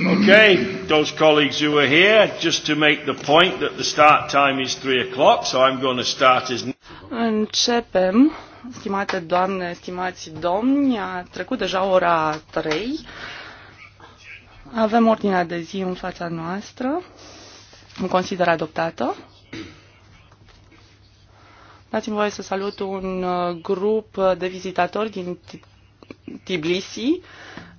Okay, those colleagues who are here, just to make the point that the start time is 3 o'clock, so I'm going to start as... Începem, stimate doamne, stimați domni, a trecut deja ora 3. Avem ordinea de zi în fața noastră. Îmi consider adoptată. Dați-mi voie să salut un uh, grup de vizitatori din Tbilisi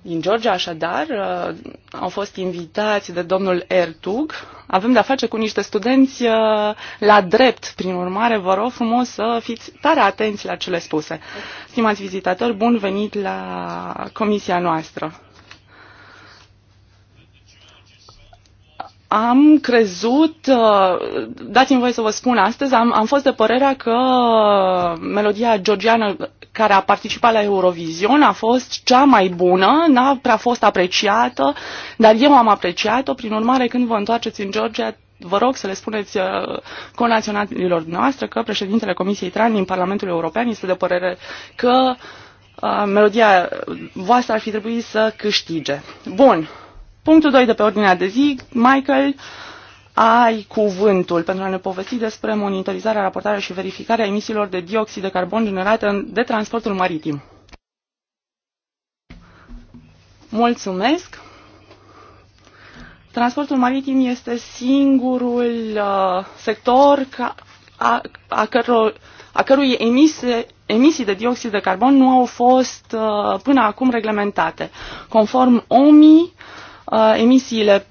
din Georgia, așadar, uh, au fost invitați de domnul Ertug. Avem de-a face cu niște studenți uh, la drept, prin urmare vă rog frumos să fiți tare atenți la cele spuse. Stimați vizitatori, bun venit la comisia noastră. am crezut, uh, dați-mi voie să vă spun astăzi, am, am fost de părerea că melodia georgiană care a participat la Eurovision a fost cea mai bună, n-a prea fost apreciată, dar eu am apreciat-o. Prin urmare, când vă întoarceți în Georgia, vă rog să le spuneți uh, conaționalilor noastre că președintele Comisiei Tran din Parlamentul European este de părere că uh, melodia voastră ar fi trebuit să câștige. Bun. Punctul 2 de pe ordinea de zi, Michael, uh, ai cuvântul pentru a ne povesti despre monitorizarea, raportarea și verificarea emisiilor de dioxid de carbon generate de transportul maritim. Mulțumesc! Transportul maritim este singurul uh, sector ca, a, a, căro, a cărui emise, emisii de dioxid de carbon nu au fost uh, până acum reglementate. Conform OMI, uh, emisiile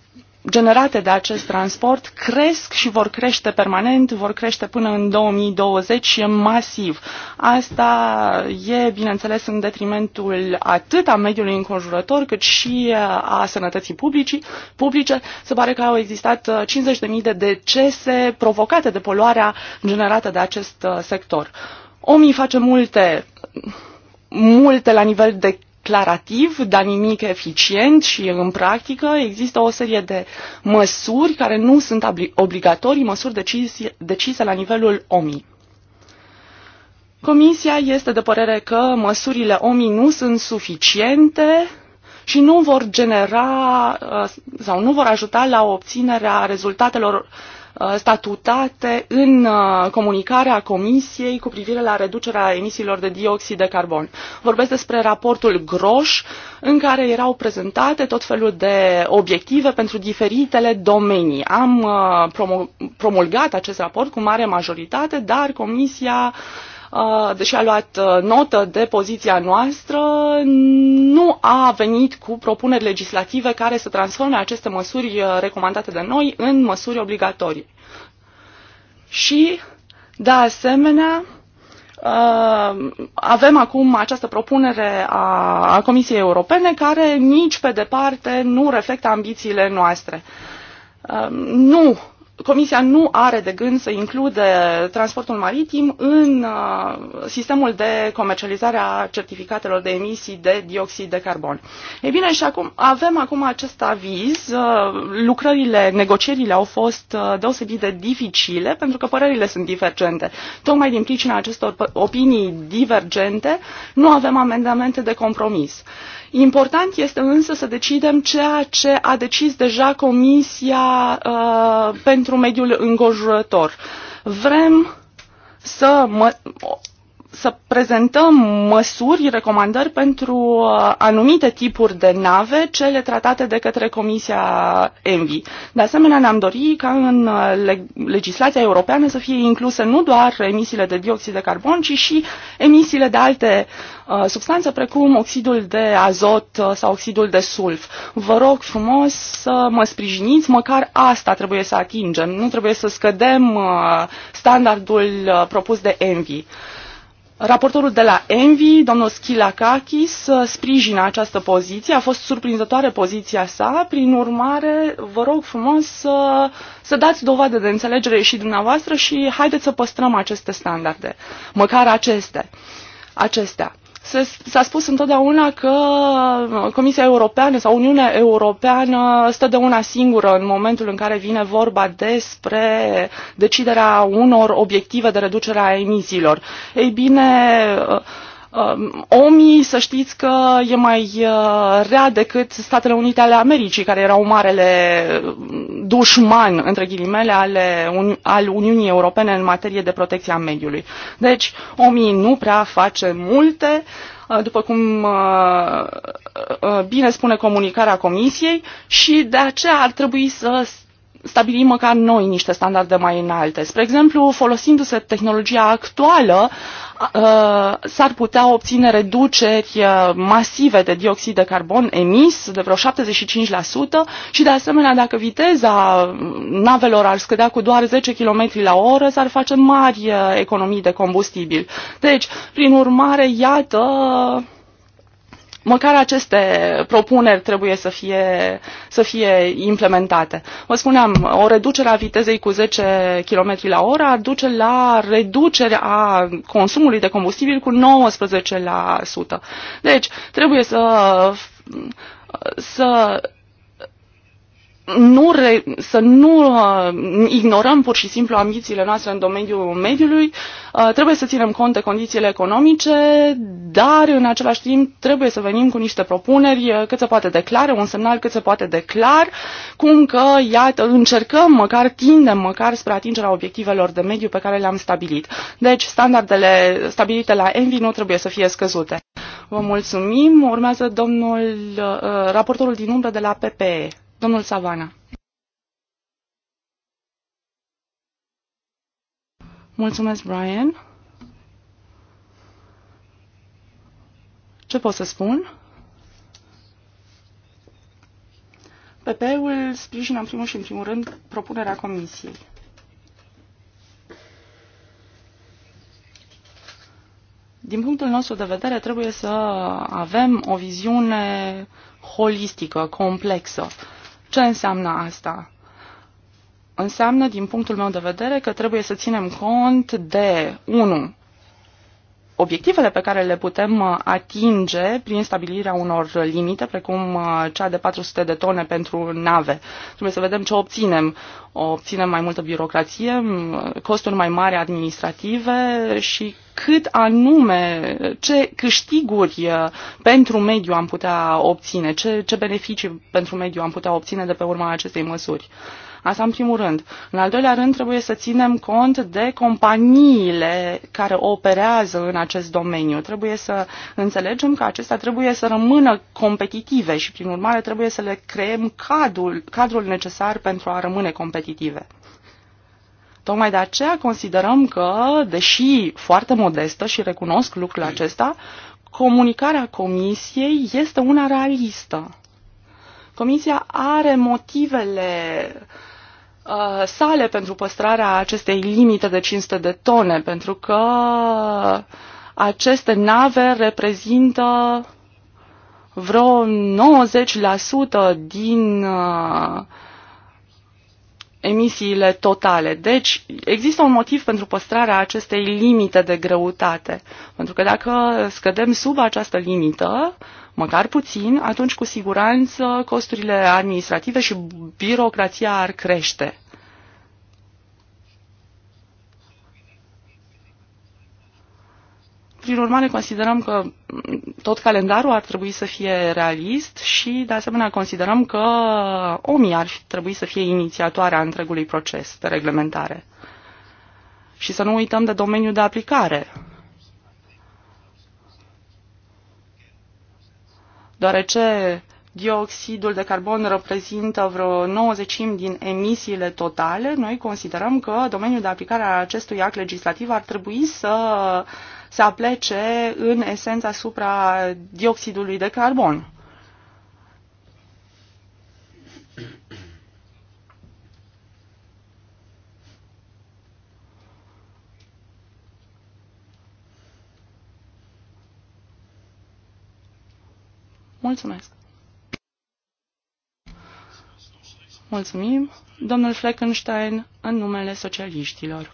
generate de acest transport cresc și vor crește permanent, vor crește până în 2020 și e masiv. Asta e, bineînțeles, în detrimentul atât a mediului înconjurător, cât și a sănătății publicii, publice. Se pare că au existat 50.000 uh, de decese provocate de poluarea generată de acest uh, sector. Omii face multe multe la nivel de declarativ, dar nimic eficient și în practică există o serie de măsuri care nu sunt obligatorii, măsuri decise, decise la nivelul OMI. Comisia este de părere că măsurile OMI nu sunt suficiente și nu vor genera uh, sau nu vor ajuta la obținerea rezultatelor Uh, statutate în uh, comunicarea Comisiei cu privire la reducerea emisiilor de dioxid de carbon. Vorbesc despre raportul Groș, în care erau prezentate tot felul de obiective pentru diferitele domenii. Am uh, promulgat acest raport cu mare majoritate, dar Comisia uh, deși uh, a luat uh, notă de poziția noastră, nu a venit cu propuneri legislative care să transforme aceste măsuri uh, recomandate de noi în măsuri obligatorii. Și, de asemenea, avem acum această propunere a Comisiei Europene care nici pe departe nu reflectă ambițiile noastre. Nu Comisia nu are de gând să include transportul maritim în uh, sistemul de comercializare a certificatelor de emisii de dioxid de carbon. Ei bine, și acum avem acum acest aviz. Uh, lucrările, negocierile au fost uh, deosebit de dificile pentru că părerile sunt divergente. Tocmai din pricina acestor opinii divergente nu avem amendamente de compromis. Important este însă să decidem ceea ce a decis deja Comisia uh, pentru Mediul Înconjurător. Vrem să mă, să prezentăm măsuri, recomandări pentru uh, anumite tipuri de nave, cele tratate de către Comisia ENVI. De asemenea, ne-am dorit ca în uh, legislația europeană să fie incluse nu doar emisiile de dioxid de carbon, ci și emisiile de alte uh, substanțe, precum oxidul de azot sau oxidul de sulf. Vă rog frumos să mă sprijiniți, măcar asta trebuie să atingem. Nu trebuie să scădem standardul propus de ENVI. Raportorul de la Envi, domnul Schilakakis, uh, sprijină această poziție. A fost surprinzătoare poziția sa. Prin urmare, vă rog frumos să, să dați dovadă de înțelegere și dumneavoastră și haideți să păstrăm aceste standarde, măcar aceste, acestea. S-a spus întotdeauna că Comisia Europeană sau Uniunea Europeană stă de una singură în momentul în care vine vorba despre deciderea unor obiective de reducere a emisiilor. Ei bine, uh, Um, omii, să știți că e mai uh, rea decât Statele Unite ale Americii, care erau marele uh, dușman, între ghilimele, ale, al Uniunii Europene în materie de protecție a mediului. Deci, omii nu prea face multe, uh, după cum bine spune comunicarea Comisiei, și de aceea ar trebui să stabilim măcar noi niște standarde mai înalte. Spre exemplu, folosindu-se tehnologia actuală, s-ar putea obține reduceri masive de dioxid de carbon emis, de vreo 75%, și de asemenea, dacă viteza navelor ar scădea cu doar 10 km la oră, s-ar face mari economii de combustibil. Deci, prin urmare, iată măcar aceste propuneri trebuie să fie, să fie implementate. Vă spuneam, o reducere a vitezei cu 10 km la oră duce la reducerea consumului de combustibil cu 19%. Deci, trebuie să, să nu re, să nu uh, ignorăm pur și simplu ambițiile noastre în domeniul mediului, uh, trebuie să ținem cont de condițiile economice, dar în același timp trebuie să venim cu niște propuneri uh, cât se poate de clare, un semnal cât se poate de clar, cum că, iată, încercăm, măcar tindem, măcar spre atingerea obiectivelor de mediu pe care le-am stabilit. Deci, standardele stabilite la ENVI nu trebuie să fie scăzute. Vă mulțumim. Urmează domnul uh, raportorul din umbră de la PPE. Domnul Savana. Mulțumesc, Brian. Ce pot să spun? PP-ul sprijină în primul și în primul rând propunerea Comisiei. Din punctul nostru de vedere, trebuie să avem o viziune holistică, complexă. Uh, ce înseamnă asta? Înseamnă, din punctul meu de vedere, că trebuie să ținem cont de, 1 obiectivele pe care le putem uh, atinge prin stabilirea unor limite, precum uh, cea de 400 de tone pentru nave. Trebuie să vedem ce obținem. Obținem mai multă birocrație, costuri mai mari administrative și cât anume, ce câștiguri uh, pentru mediu am putea obține, ce, ce beneficii pentru mediu am putea obține de pe urma acestei măsuri. Asta în primul rând. În al doilea rând, trebuie să ținem cont de companiile care operează în acest domeniu. Trebuie să înțelegem că acestea trebuie să rămână competitive și, prin urmare, trebuie să le creăm cadrul, cadrul necesar pentru a rămâne competitive. Tocmai de aceea considerăm că, deși foarte modestă și recunosc lucrul acesta, comunicarea Comisiei este una realistă. Comisia are motivele Uh, sale pentru păstrarea acestei limite de 500 de tone, pentru că aceste nave reprezintă vreo 90% din uh, emisiile totale. Deci există un motiv pentru păstrarea acestei limite de greutate, pentru că dacă scădem sub această limită, uh, măcar puțin, atunci cu siguranță costurile administrative și birocrația ar crește. Prin urmare, considerăm că tot calendarul ar trebui să fie realist și, de asemenea, considerăm că OMI ar trebui să fie inițiatoarea întregului proces de reglementare. Și să nu uităm de domeniul de aplicare deoarece dioxidul de carbon reprezintă vreo 90 din emisiile totale, noi considerăm că domeniul de aplicare a acestui act legislativ ar trebui să se aplece în esența asupra dioxidului de carbon. Mulțumesc! Mulțumim, domnul Fleckenstein, în numele socialiștilor.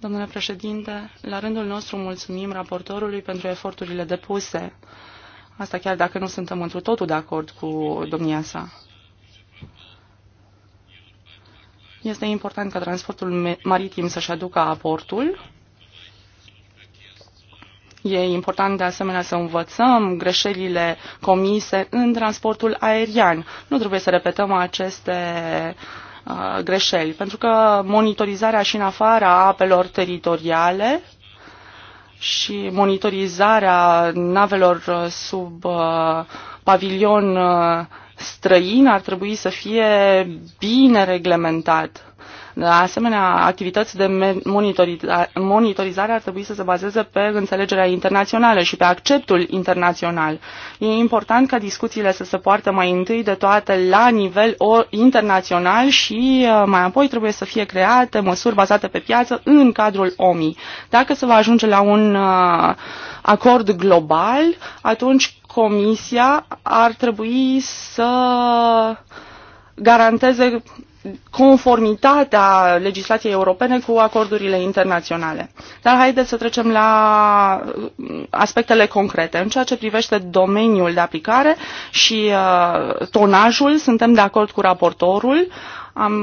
Domnule președinte, la rândul nostru mulțumim raportorului pentru eforturile depuse. Asta chiar dacă nu suntem întru totul de acord cu domnia sa. Este important ca transportul maritim să-și aducă aportul E important de asemenea să învățăm greșelile comise în transportul aerian. Nu trebuie să repetăm aceste uh, greșeli, pentru că monitorizarea și în afara apelor teritoriale și monitorizarea navelor uh, sub uh, pavilion uh, străin ar trebui să fie bine reglementat Asemenea, activități de monitorizare ar trebui să se bazeze pe înțelegerea internațională și pe acceptul internațional. E important ca discuțiile să se poartă mai întâi de toate la nivel internațional și uh, mai apoi trebuie să fie create măsuri bazate pe piață în cadrul OMI. Dacă se va ajunge la un uh, acord global, atunci Comisia ar trebui să garanteze conformitatea legislației europene cu acordurile internaționale. Dar haideți să trecem la uh, aspectele concrete. În ceea ce privește domeniul de aplicare și uh, tonajul, suntem de acord cu raportorul. Am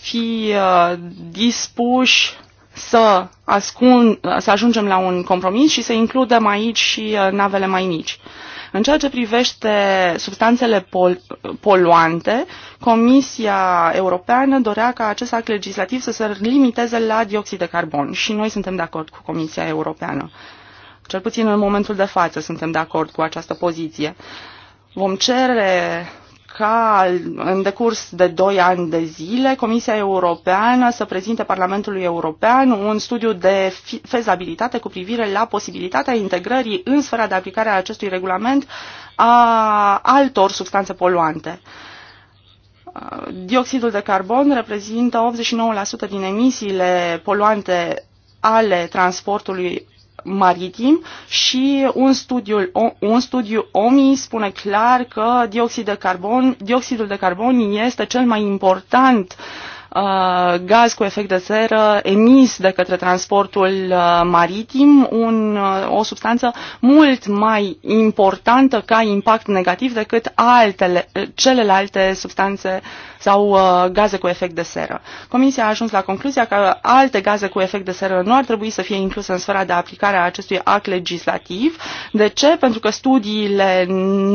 fi uh, dispuși uh, să, ascund, să ajungem la un compromis și să includem aici și uh, navele mai mici. În ceea ce privește substanțele pol- poluante, Comisia Europeană dorea ca acest act legislativ să se limiteze la dioxid de carbon și noi suntem de acord cu Comisia Europeană. Cel puțin în momentul de față suntem de acord cu această poziție. Vom cere ca în decurs de 2 ani de zile Comisia Europeană să prezinte Parlamentului European un studiu de fezabilitate cu privire la posibilitatea integrării în sfera de aplicare a acestui regulament a altor substanțe poluante. Dioxidul de carbon reprezintă 89% din emisiile poluante ale transportului maritim și un studiu, un studiu OMI spune clar că dioxid de carbon, dioxidul de carbon este cel mai important uh, gaz cu efect de seră emis de către transportul uh, maritim, un, uh, o substanță mult mai importantă ca impact negativ decât altele, celelalte substanțe uh, sau uh, gaze cu efect de seră. Comisia a ajuns la concluzia că alte gaze cu efect de seră nu ar trebui să fie incluse în sfera de aplicare a acestui act legislativ. De ce? Pentru că studiile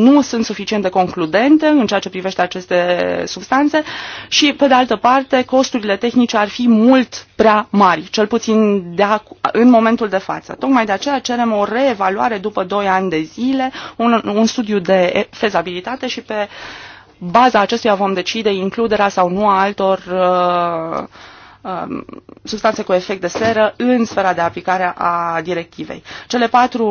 nu sunt suficient de concludente în ceea ce privește aceste substanțe și, pe de altă parte, costurile tehnice ar fi mult prea mari, cel puțin de în momentul de față. Tocmai de aceea cerem o reevaluare după 2 ani de zile, un, un studiu de fezabilitate și pe uh, baza acestuia vom decide includerea sau nu a altor uh, uh, substanțe cu efect de seră în sfera de aplicare a directivei. Cele patru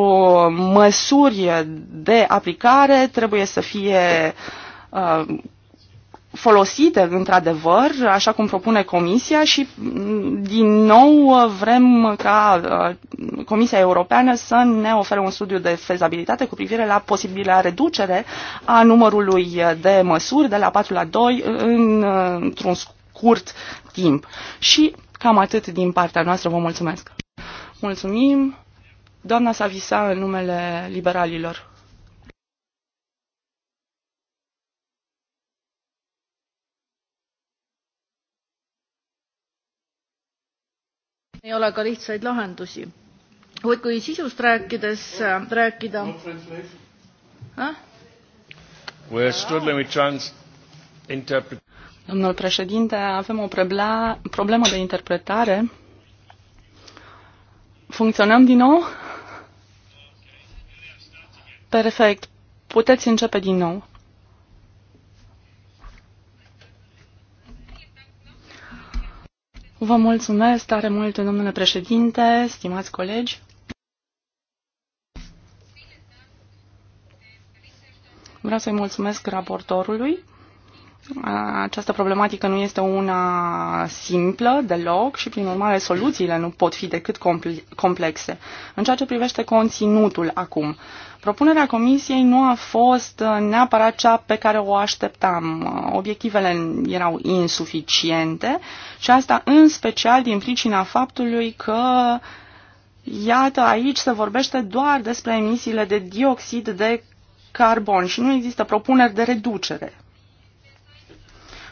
măsuri de aplicare trebuie să fie uh, folosite într-adevăr, așa cum propune Comisia și mm, din nou vrem ca uh, Comisia Europeană să ne ofere un studiu de fezabilitate cu privire la posibilă reducere a numărului de măsuri de la 4 la 2 uh, într-un scurt timp. Și cam atât din partea noastră. Vă mulțumesc! Mulțumim! Doamna Savisa, în numele liberalilor. ei ole ka lihtsaid lahendusi. kuid kui sisust rääkides äh, rääkida Domnul președinte, avem o problemă de interpretare. Funcționăm din nou? Perfect. Puteți începe din nou. Vă mulțumesc tare mult, domnule președinte, stimați colegi. Vreau să-i mulțumesc raportorului această problematică nu este una simplă deloc și, prin urmare, soluțiile nu pot fi decât complexe. În ceea ce privește conținutul acum, propunerea Comisiei nu a fost uh, neapărat cea pe care o așteptam. Obiectivele erau insuficiente și asta în special din pricina faptului că Iată, aici se vorbește doar despre emisiile de dioxid de carbon și nu există propuneri de reducere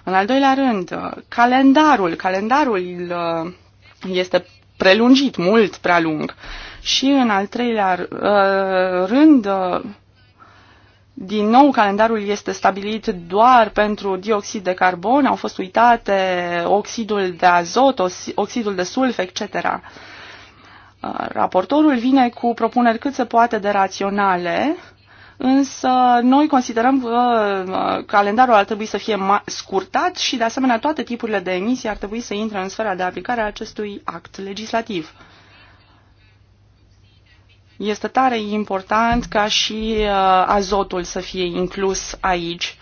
în al doilea rând, uh, calendarul. Calendarul uh, este prelungit, mult prea lung. Și în al treilea uh, rând, din nou, calendarul este stabilit doar pentru dioxid de carbon, au fost uitate oxidul de azot, oxidul de sulf, etc. Raportorul vine cu propuneri cât se poate de raționale, însă noi considerăm că uh, calendarul ar trebui să fie scurtat și, de asemenea, toate tipurile de emisii ar trebui să intre în sfera de aplicare a acestui act legislativ. Este tare important ca și uh, azotul să fie inclus aici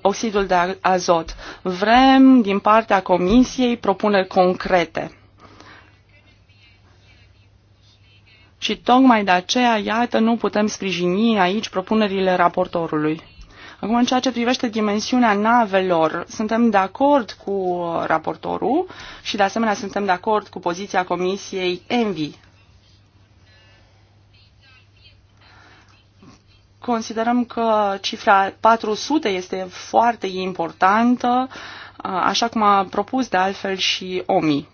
oxidul de azot. Vrem din partea Comisiei propuneri concrete. Și tocmai de aceea, iată, nu putem sprijini aici propunerile raportorului. Acum, în ceea ce privește dimensiunea navelor, suntem de acord cu raportorul și, de asemenea, suntem de acord cu poziția Comisiei ENVI. Considerăm că cifra 400 este foarte importantă, așa cum a propus de altfel și OMI.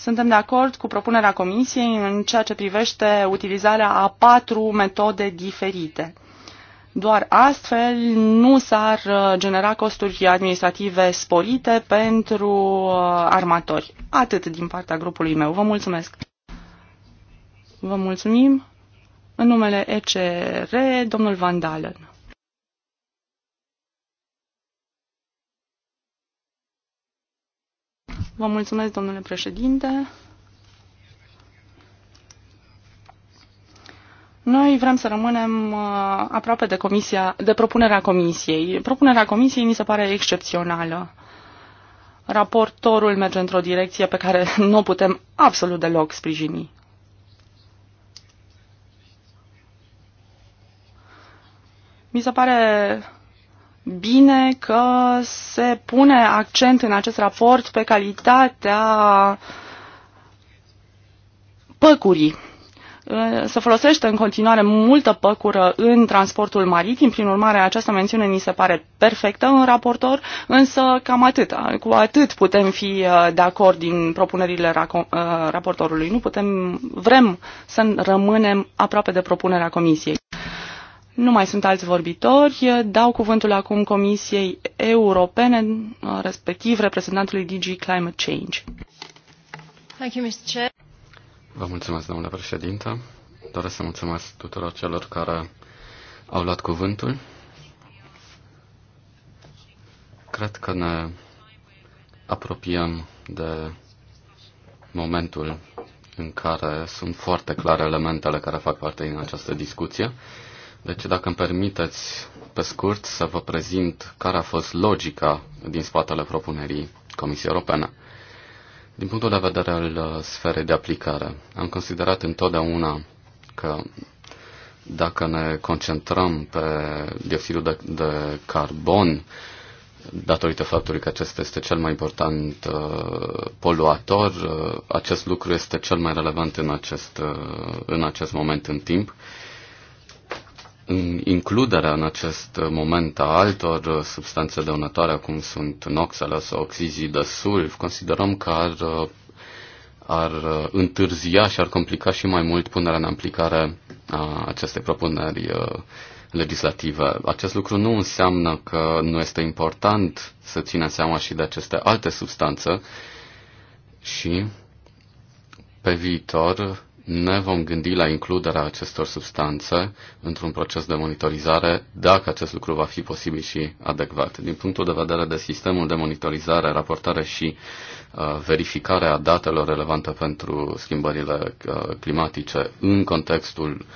Suntem de acord cu propunerea Comisiei în ceea ce privește utilizarea a patru metode diferite. Doar astfel nu s-ar uh, genera costuri administrative sporite pentru uh, armatori. Atât din partea grupului meu. Vă mulțumesc! Vă mulțumim! În numele ECR, domnul Van Dalen. Vă mulțumesc, domnule președinte. Noi vrem să rămânem uh, aproape de, comisia, de propunerea comisiei. Propunerea comisiei mi se pare excepțională. Raportorul merge într-o direcție pe care nu putem absolut deloc sprijini. Mi se pare bine că se pune accent în acest raport pe calitatea păcurii. Se folosește în continuare multă păcură în transportul maritim, prin urmare această mențiune ni se pare perfectă în raportor, însă cam atât, cu atât putem fi uh, de acord din propunerile uh, raportorului. Nu putem, vrem să rămânem aproape de propunerea comisiei. Nu mai sunt alți vorbitori. Dau cuvântul acum Comisiei Europene, respectiv reprezentantului DG Climate Change. Thank you, Mr. Chair. Vă mulțumesc, domnule președinte. Doresc să mulțumesc tuturor celor care au luat cuvântul. Cred că ne apropiem de momentul în care sunt foarte clare elementele care fac parte din această discuție. Deci, dacă îmi permiteți, pe scurt, să vă prezint care a fost logica din spatele propunerii Comisiei Europene. Din punctul de vedere al uh, sferei de aplicare, am considerat întotdeauna că dacă ne concentrăm pe dioxidul de, de carbon, datorită faptului că acesta este cel mai important uh, poluator, uh, acest lucru este cel mai relevant în acest, uh, în acest moment în timp. Uh, includerea în acest moment a altor substanțe dăunătoare, cum sunt noxele sau oxizii de sulf, considerăm că ar, ar întârzia și ar complica și mai mult punerea în aplicare a acestei propuneri uh, legislative. Acest lucru nu înseamnă că nu este important să ținem seama și de aceste alte substanțe și pe viitor ne vom gândi la includerea acestor substanțe într-un proces de monitorizare, dacă acest lucru va fi posibil și adecvat. Din punctul de vedere de sistemul de monitorizare, raportare și uh, verificare a datelor relevante pentru schimbările uh, climatice în contextul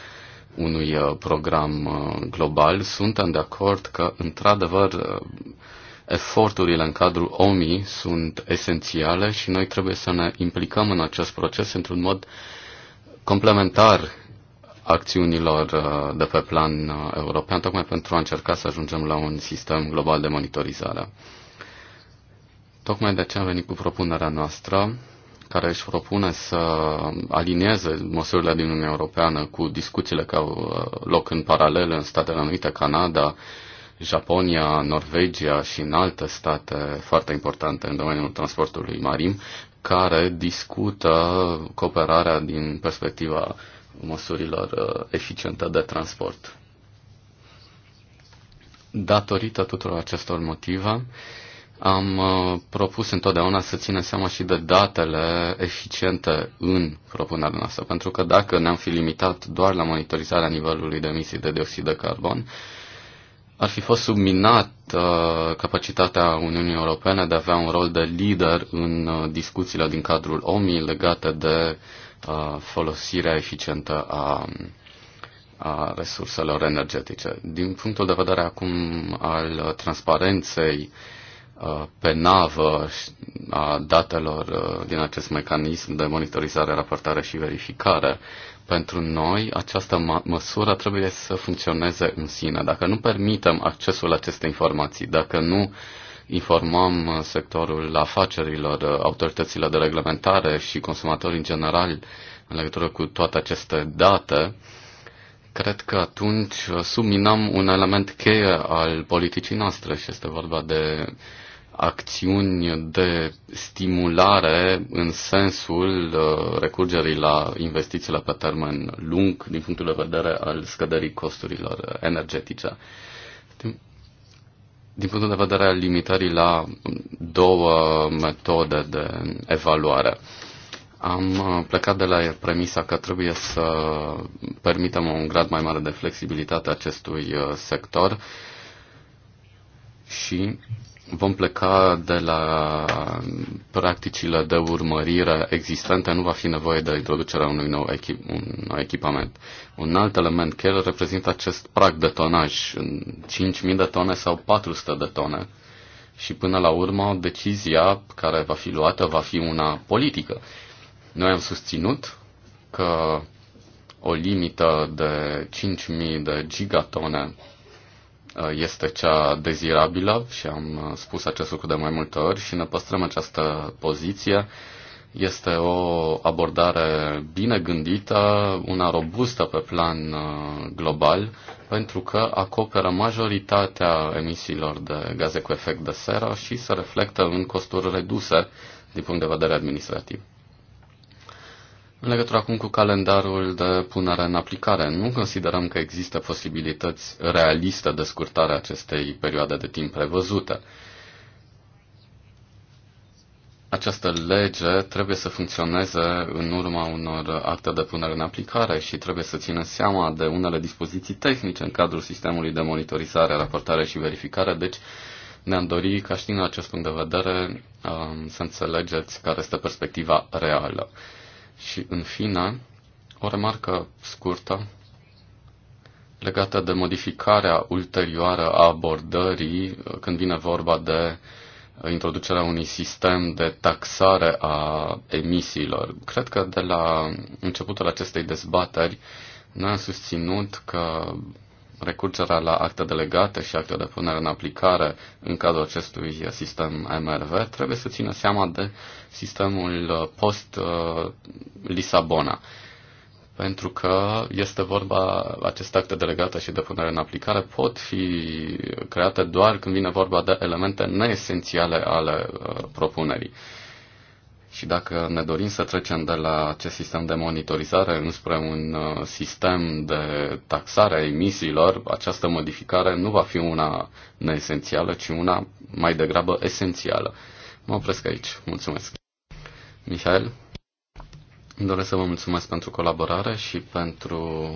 unui uh, program uh, global, suntem de acord că, într-adevăr, uh, eforturile în cadrul OMI sunt esențiale și noi trebuie să ne implicăm în acest proces într-un mod uh, complementar acțiunilor uh, de pe plan uh, european, tocmai pentru a încerca să ajungem la un sistem global de monitorizare. Tocmai de aceea am venit cu propunerea noastră, care își propune să alinieze măsurile din Uniunea Europeană cu discuțiile care au uh, loc în paralel în Statele Unite, Canada, Japonia, Norvegia și în alte state foarte importante în domeniul transportului marim, care discută cooperarea din perspectiva măsurilor uh, eficiente de transport. Datorită tuturor acestor motive, am uh, propus întotdeauna să ținem seama și de datele eficiente în propunerea noastră, pentru că dacă ne-am fi limitat doar la monitorizarea nivelului de emisii de dioxid de carbon, ar fi fost subminat uh, capacitatea Uniunii Europene de a avea un rol de lider în uh, discuțiile din cadrul OMI legate de uh, folosirea eficientă a, a resurselor energetice. Din punctul de vedere acum al transparenței uh, pe navă a datelor uh, din acest mecanism de monitorizare, raportare și verificare, uh, pentru noi, această măsură trebuie să funcționeze în sine. Dacă nu permitem accesul acestei informații, dacă nu informăm uh, sectorul afacerilor, uh, autoritățile de reglementare și consumatorii în general în legătură cu toate aceste date, cred că atunci uh, subminăm un element cheie al politicii noastre și este vorba de acțiuni de stimulare în sensul uh, recurgerii la investițiile pe termen lung din punctul de vedere al scăderii costurilor energetice. Din, punctul de vedere al limitării la două metode de evaluare. Am uh, plecat de la premisa că trebuie să permitem un grad mai mare de flexibilitate acestui uh, sector și vom pleca de la practicile de urmărire existente, nu va fi nevoie de introducerea unui nou echip, un nou echipament. Un alt element care reprezintă acest prag de tonaj, 5.000 de tone sau 400 de tone. Și până la urmă, decizia care va fi luată va fi una politică. Noi am susținut că o limită de 5.000 de gigatone Uh, este cea dezirabilă și am uh, spus acest lucru de mai multe ori și ne păstrăm această poziție. Este o abordare bine gândită, una robustă pe plan uh, global, pentru că acoperă majoritatea emisiilor de gaze cu efect de seră și se reflectă în costuri reduse din punct de vedere administrativ. În legătură acum cu calendarul de punere în aplicare, nu considerăm că există posibilități realiste de scurtare a acestei perioade de timp prevăzute. Această lege trebuie să funcționeze în urma unor acte de punere în aplicare și trebuie să țină seama de unele dispoziții tehnice în cadrul sistemului de monitorizare, raportare și verificare, deci ne-am dorit ca și din acest punct de vedere um, să înțelegeți care este perspectiva reală. Și, în fine, o remarcă scurtă legată de modificarea ulterioară a abordării când vine vorba de introducerea unui sistem de taxare a emisiilor. Cred că de la începutul acestei dezbateri noi am susținut că recurgerea la acte delegate și acte de punere în aplicare în cadrul acestui sistem MRV trebuie să țină seama de sistemul post-Lisabona. Pentru că este vorba, aceste acte delegate și de punere în aplicare pot fi create doar când vine vorba de elemente neesențiale ale uh, propunerii. Și dacă ne dorim să trecem de la acest sistem de monitorizare înspre un uh, sistem de taxare a emisiilor, această modificare nu va fi una neesențială, ci una mai degrabă esențială. Mă opresc aici. Mulțumesc. Mihail, îmi doresc să vă mulțumesc pentru colaborare și pentru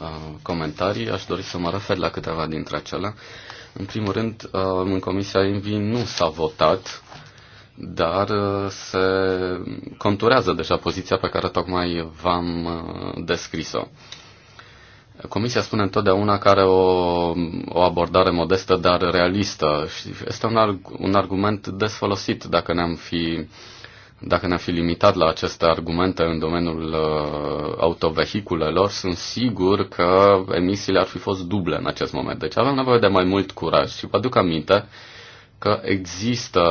uh, comentarii. Aș dori să mă refer la câteva dintre acelea. În primul rând, uh, în Comisia INVI nu s-a votat dar uh, se conturează deja poziția pe care tocmai v-am uh, descris-o. Comisia spune întotdeauna că are o, o abordare modestă, dar realistă și este un, arg- un argument des folosit dacă ne-am fi, dacă ne-am fi limitat la aceste argumente în domeniul uh, autovehiculelor, sunt sigur că emisiile ar fi fost duble în acest moment. Deci avem nevoie de mai mult curaj și vă aduc aminte uh, că există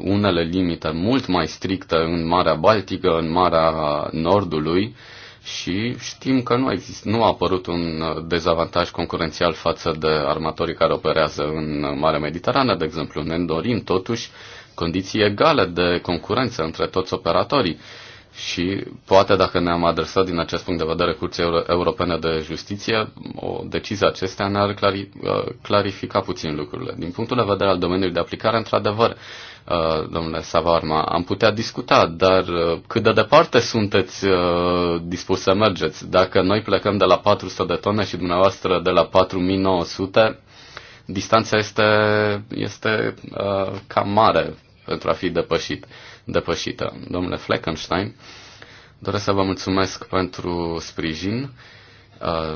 unele limite mult mai stricte în Marea Baltică, în Marea Nordului și știm că nu, există, nu a apărut un dezavantaj concurențial față de armatorii care operează în Marea Mediterană, de exemplu. Ne dorim totuși condiții egale de concurență între toți operatorii și poate dacă ne-am adresat din acest punct de vedere Curții Europene de Justiție, o decizie acestea ne-ar clari- uh, clarifica puțin lucrurile. Din punctul de vedere al domeniului de aplicare, într-adevăr, uh, domnule Savarma, am putea discuta, dar uh, cât de departe sunteți dispus să mergeți? Dacă noi plecăm de la 400 de tone și dumneavoastră de la 4900, distanța este, este cam mare pentru a fi depășit. Uh, depășită. Domnule Fleckenstein, doresc să vă mulțumesc pentru sprijin,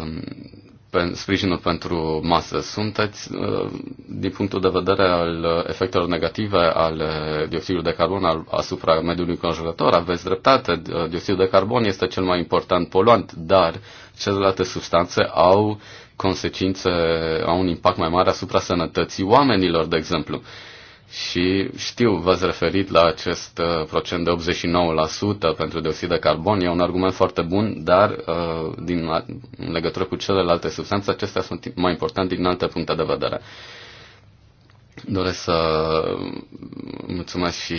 uh, sprijinul pentru masă. Sunteți, uh, din punctul de vedere al efectelor negative al dioxidului de carbon asupra mediului conjurător, aveți dreptate. Dioxidul de carbon este cel mai important poluant, dar celelalte substanțe au consecințe, au un impact mai mare asupra sănătății oamenilor, de exemplu. Uh, și știu, v-ați referit la acest uh, procent de 89% pentru dioxid de carbon, e un argument foarte bun, dar uh, din, în legătură cu celelalte substanțe, acestea sunt mai importante din alte puncte de vedere. Doresc să mulțumesc și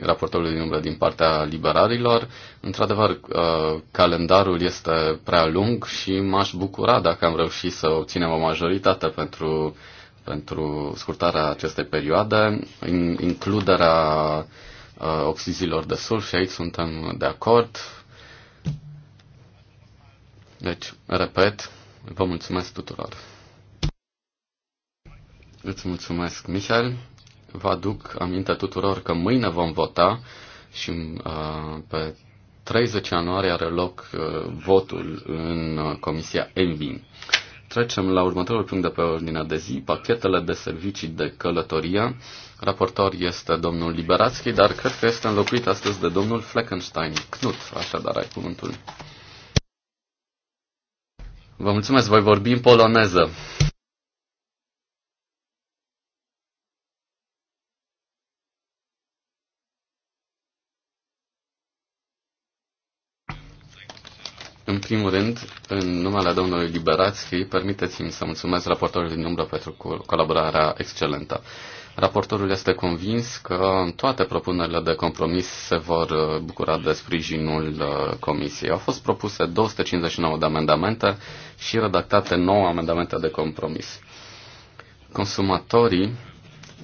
raportorului din umbră din partea liberarilor. Într-adevăr, uh, calendarul este prea lung și m-aș bucura dacă am reușit să obținem o majoritate pentru uh, pentru scurtarea acestei perioade, includerea uh, oxizilor de sulf și aici suntem de acord. Deci, repet, vă mulțumesc tuturor. Îți mulțumesc, Michel. Vă aduc aminte tuturor că mâine vom vota și uh, pe 30 ianuarie are loc uh, votul în uh, Comisia Envin. Trecem la următorul punct de pe ordinea de zi, pachetele de servicii de călătorie. Raportor este domnul Liberațchi, dar cred că este înlocuit astăzi de domnul Fleckenstein. Knut, așadar ai cuvântul. Vă mulțumesc, voi vorbi în poloneză. În primul rând, în numele domnului Liberațchi, permiteți-mi să mulțumesc raportorului din umbră pentru colaborarea excelentă. Raportorul este convins că toate propunerile de compromis se vor uh, bucura de sprijinul uh, Comisiei. Au fost propuse 259 de amendamente și redactate 9 amendamente de compromis. Consumatorii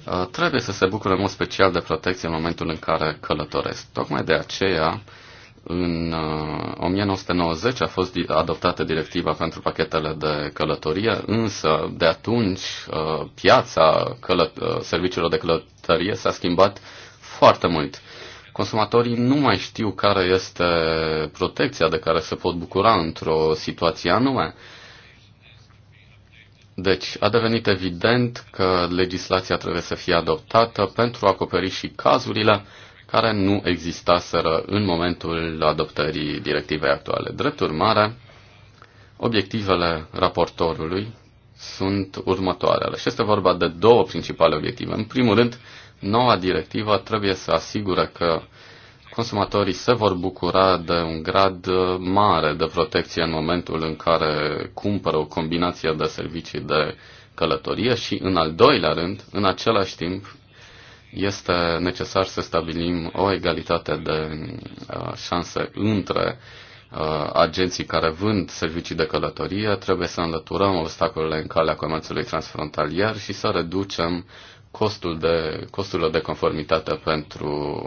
uh, trebuie să se bucure în mod special de protecție în momentul în care călătoresc. Tocmai de aceea, în 1990 uh, a fost adoptată directiva pentru pachetele de călătorie, însă de atunci uh, piața călă- uh, serviciilor de călătorie s-a schimbat foarte mult. Consumatorii nu mai știu care este protecția de care se pot bucura într-o situație anume. Deci, a devenit evident că legislația trebuie să fie adoptată pentru a acoperi și cazurile care nu existaseră în momentul adoptării directivei actuale. Drept urmare, obiectivele raportorului sunt următoarele. Și este vorba de două principale obiective. În primul rând, noua directivă trebuie să asigure că consumatorii se vor bucura de un grad mare de protecție în momentul în care cumpără o combinație de servicii de călătorie și, în al doilea rând, în același timp, este necesar să stabilim o egalitate de uh, șanse între uh, agenții care vând servicii de călătorie, trebuie să înlăturăm obstacolele în calea comerțului transfrontalier și să reducem costul de, costurile de conformitate pentru,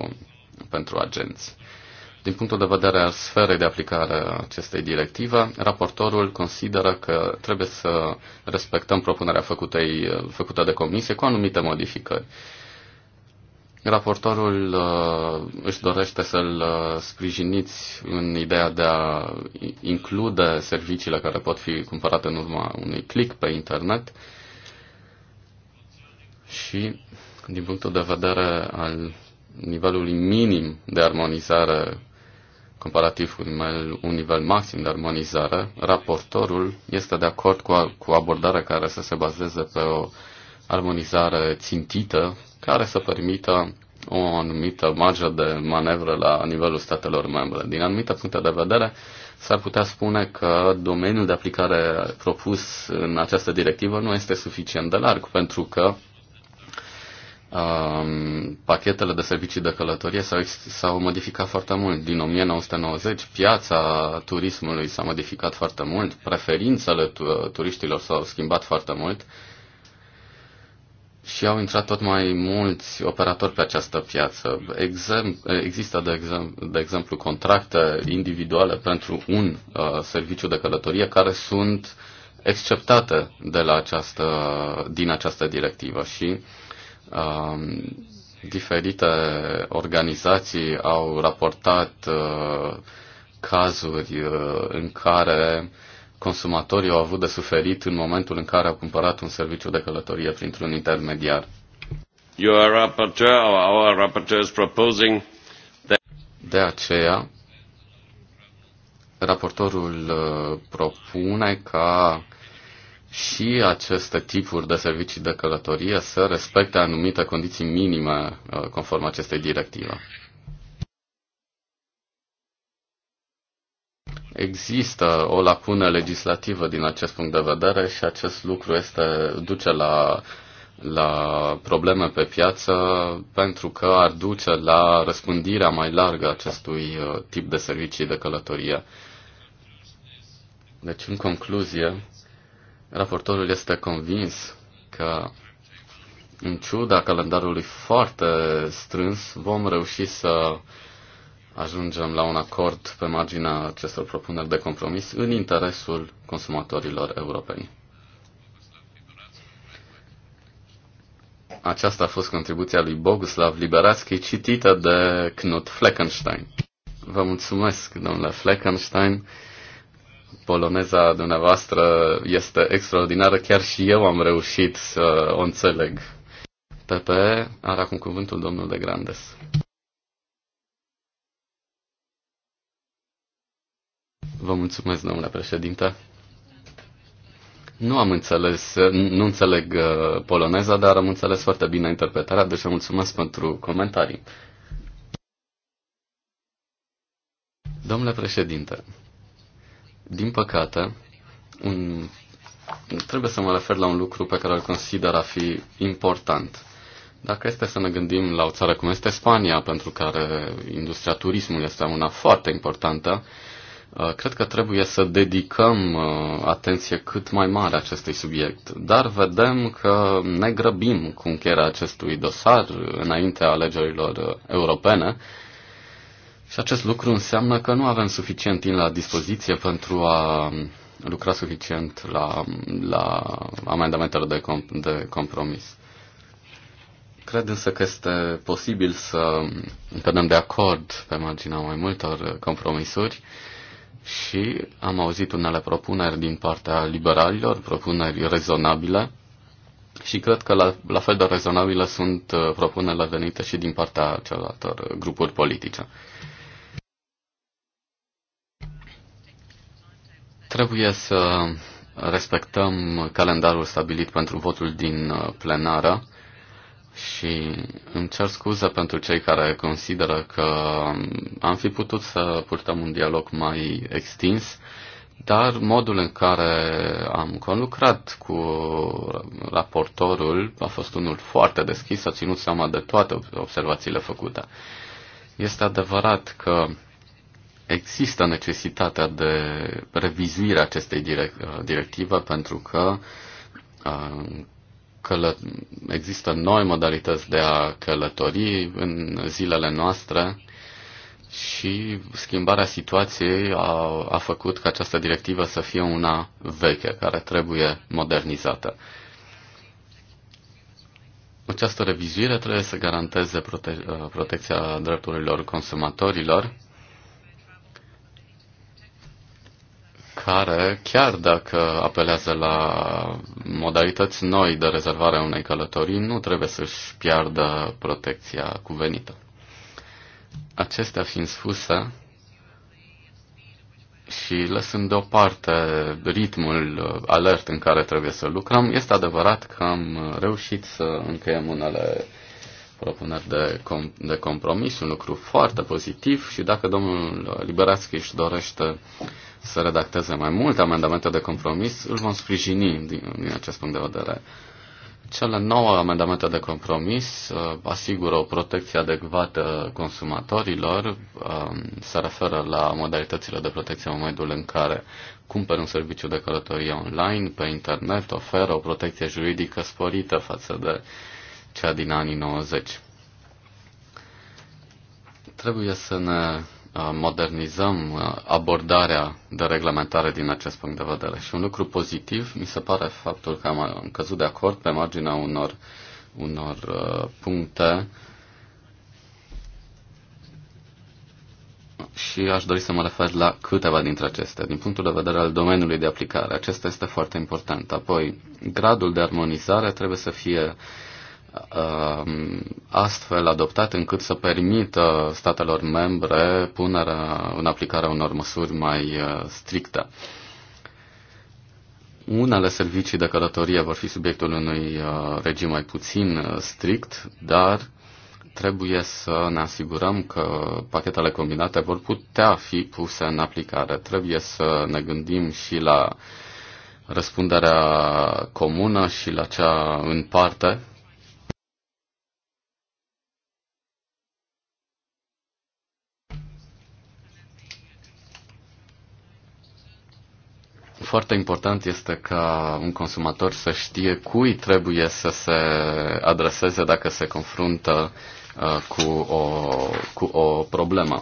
pentru agenți. Din punctul de vedere al sferei de aplicare a acestei directive, raportorul consideră că trebuie să respectăm propunerea făcută de comisie cu anumite modificări. Uh, Raportorul uh, își dorește să-l uh, sprijiniți în ideea de a include serviciile care pot fi cumpărate în urma unui click pe internet și, din punctul de vedere al nivelului minim de armonizare comparativ cu un nivel, maxim de armonizare, raportorul este de acord cu, cu abordarea care să se bazeze pe o armonizare țintită care să permită o anumită marjă de manevră la nivelul statelor membre. Din anumite puncte de vedere, s-ar putea spune că domeniul de aplicare propus în această directivă nu este suficient de larg, pentru că um, pachetele de servicii de călătorie s-au, s-au modificat foarte mult. Din 1990, piața turismului s-a modificat foarte mult, preferințele tu- turiștilor s-au schimbat foarte mult. Uh, și au intrat tot mai mulți operatori pe această piață. Exem, există, de, exem, de exemplu, contracte individuale pentru un uh, serviciu de călătorie care sunt exceptate de la această, din această directivă și uh, diferite organizații au raportat uh, cazuri uh, în care consumatorii au avut de suferit în momentul în care au cumpărat un serviciu de călătorie printr-un intermediar. Your rapporteur, our rapporteur is proposing that... De aceea, raportorul uh, propune ca și aceste tipuri de servicii de călătorie să respecte anumite condiții minime uh, conform acestei directive. Există o lacună legislativă din acest punct de vedere și acest lucru este, duce la, la probleme pe piață pentru că ar duce la răspândirea mai largă acestui uh, tip de servicii de călătorie. Deci, în concluzie, raportorul este convins că, în ciuda calendarului foarte strâns, vom reuși să ajungem la un acord pe marginea acestor propuneri de compromis în interesul consumatorilor europeni. Aceasta a fost contribuția lui Boguslav Liberatski, citită de Knut Fleckenstein. Vă mulțumesc, domnule Fleckenstein. Poloneza dumneavoastră este extraordinară, chiar și eu am reușit să o înțeleg. PPE are acum cuvântul domnul de Grandes. Vă mulțumesc, domnule președinte. Nu am înțeles, nu înțeleg uh, poloneza, dar am înțeles foarte bine interpretarea, deci vă mulțumesc pentru comentarii. Domnule președinte, din păcate, un... trebuie să mă refer la un lucru pe care îl consider a fi important. Dacă este să ne gândim la o țară cum este Spania, pentru care industria turismului este una foarte importantă, Uh, cred că trebuie să dedicăm uh, atenție cât mai mare acestui subiect, dar vedem că ne grăbim cu încheierea acestui dosar înaintea alegerilor uh, europene și acest lucru înseamnă că nu avem suficient timp la dispoziție pentru a um, lucra suficient la, la amendamentele de, comp- de compromis. Cred însă că este posibil să cădem um, de acord pe marginea mai multor compromisuri și am auzit unele propuneri din partea liberalilor, propuneri rezonabile și cred că la, la fel de rezonabile sunt uh, propunerile venite și din partea celor grupuri politice. Trebuie să respectăm calendarul stabilit pentru votul din uh, plenară și îmi cer scuze pentru cei care consideră că am fi putut să purtăm un dialog mai extins, dar modul în care am conlucrat cu raportorul a fost unul foarte deschis, a ținut seama de toate observațiile făcute. Este adevărat că există necesitatea de revizuire acestei directive pentru că uh, călă... există noi modalități de a călători în zilele noastre și schimbarea situației a, a făcut ca această directivă să fie una veche, care trebuie modernizată. Această revizuire trebuie să garanteze prote- uh, protecția drepturilor consumatorilor care, chiar dacă apelează la modalități noi de rezervare a unei călătorii, nu trebuie să-și piardă protecția cuvenită. Acestea fiind spuse, și lăsând deoparte ritmul alert în care trebuie să lucrăm, este adevărat că am reușit să încheiem unele propuneri de, com- de compromis, un lucru foarte pozitiv și dacă domnul Liberațchi își dorește să redacteze mai multe amendamente de compromis, îl vom sprijini din, din acest punct de vedere. Cele nouă amendamente de compromis uh, asigură o protecție adecvată consumatorilor, uh, se referă la modalitățile de protecție în momentul în care cumperi un serviciu de călătorie online, pe internet, oferă o protecție juridică sporită față de cea din anii 90. Trebuie să ne Uh, modernizăm uh, abordarea de reglementare din acest punct de vedere. Și un lucru pozitiv mi se pare faptul că am căzut de acord pe marginea unor, unor uh, puncte și aș dori să mă refer la câteva dintre acestea, din punctul de vedere al domeniului de aplicare. Acesta este foarte important. Apoi, gradul de armonizare trebuie să fie uh, Um, astfel adoptat încât să permită statelor membre punerea în aplicare unor măsuri mai uh, stricte. Unele servicii de călătorie vor fi subiectul unui uh, regim mai puțin uh, strict, dar trebuie să ne asigurăm că pachetele combinate vor putea fi puse în aplicare. Trebuie să ne gândim și la răspunderea comună și la cea în parte foarte important este ca un consumator să știe cui trebuie să se adreseze dacă se confruntă uh, cu o, cu o problemă.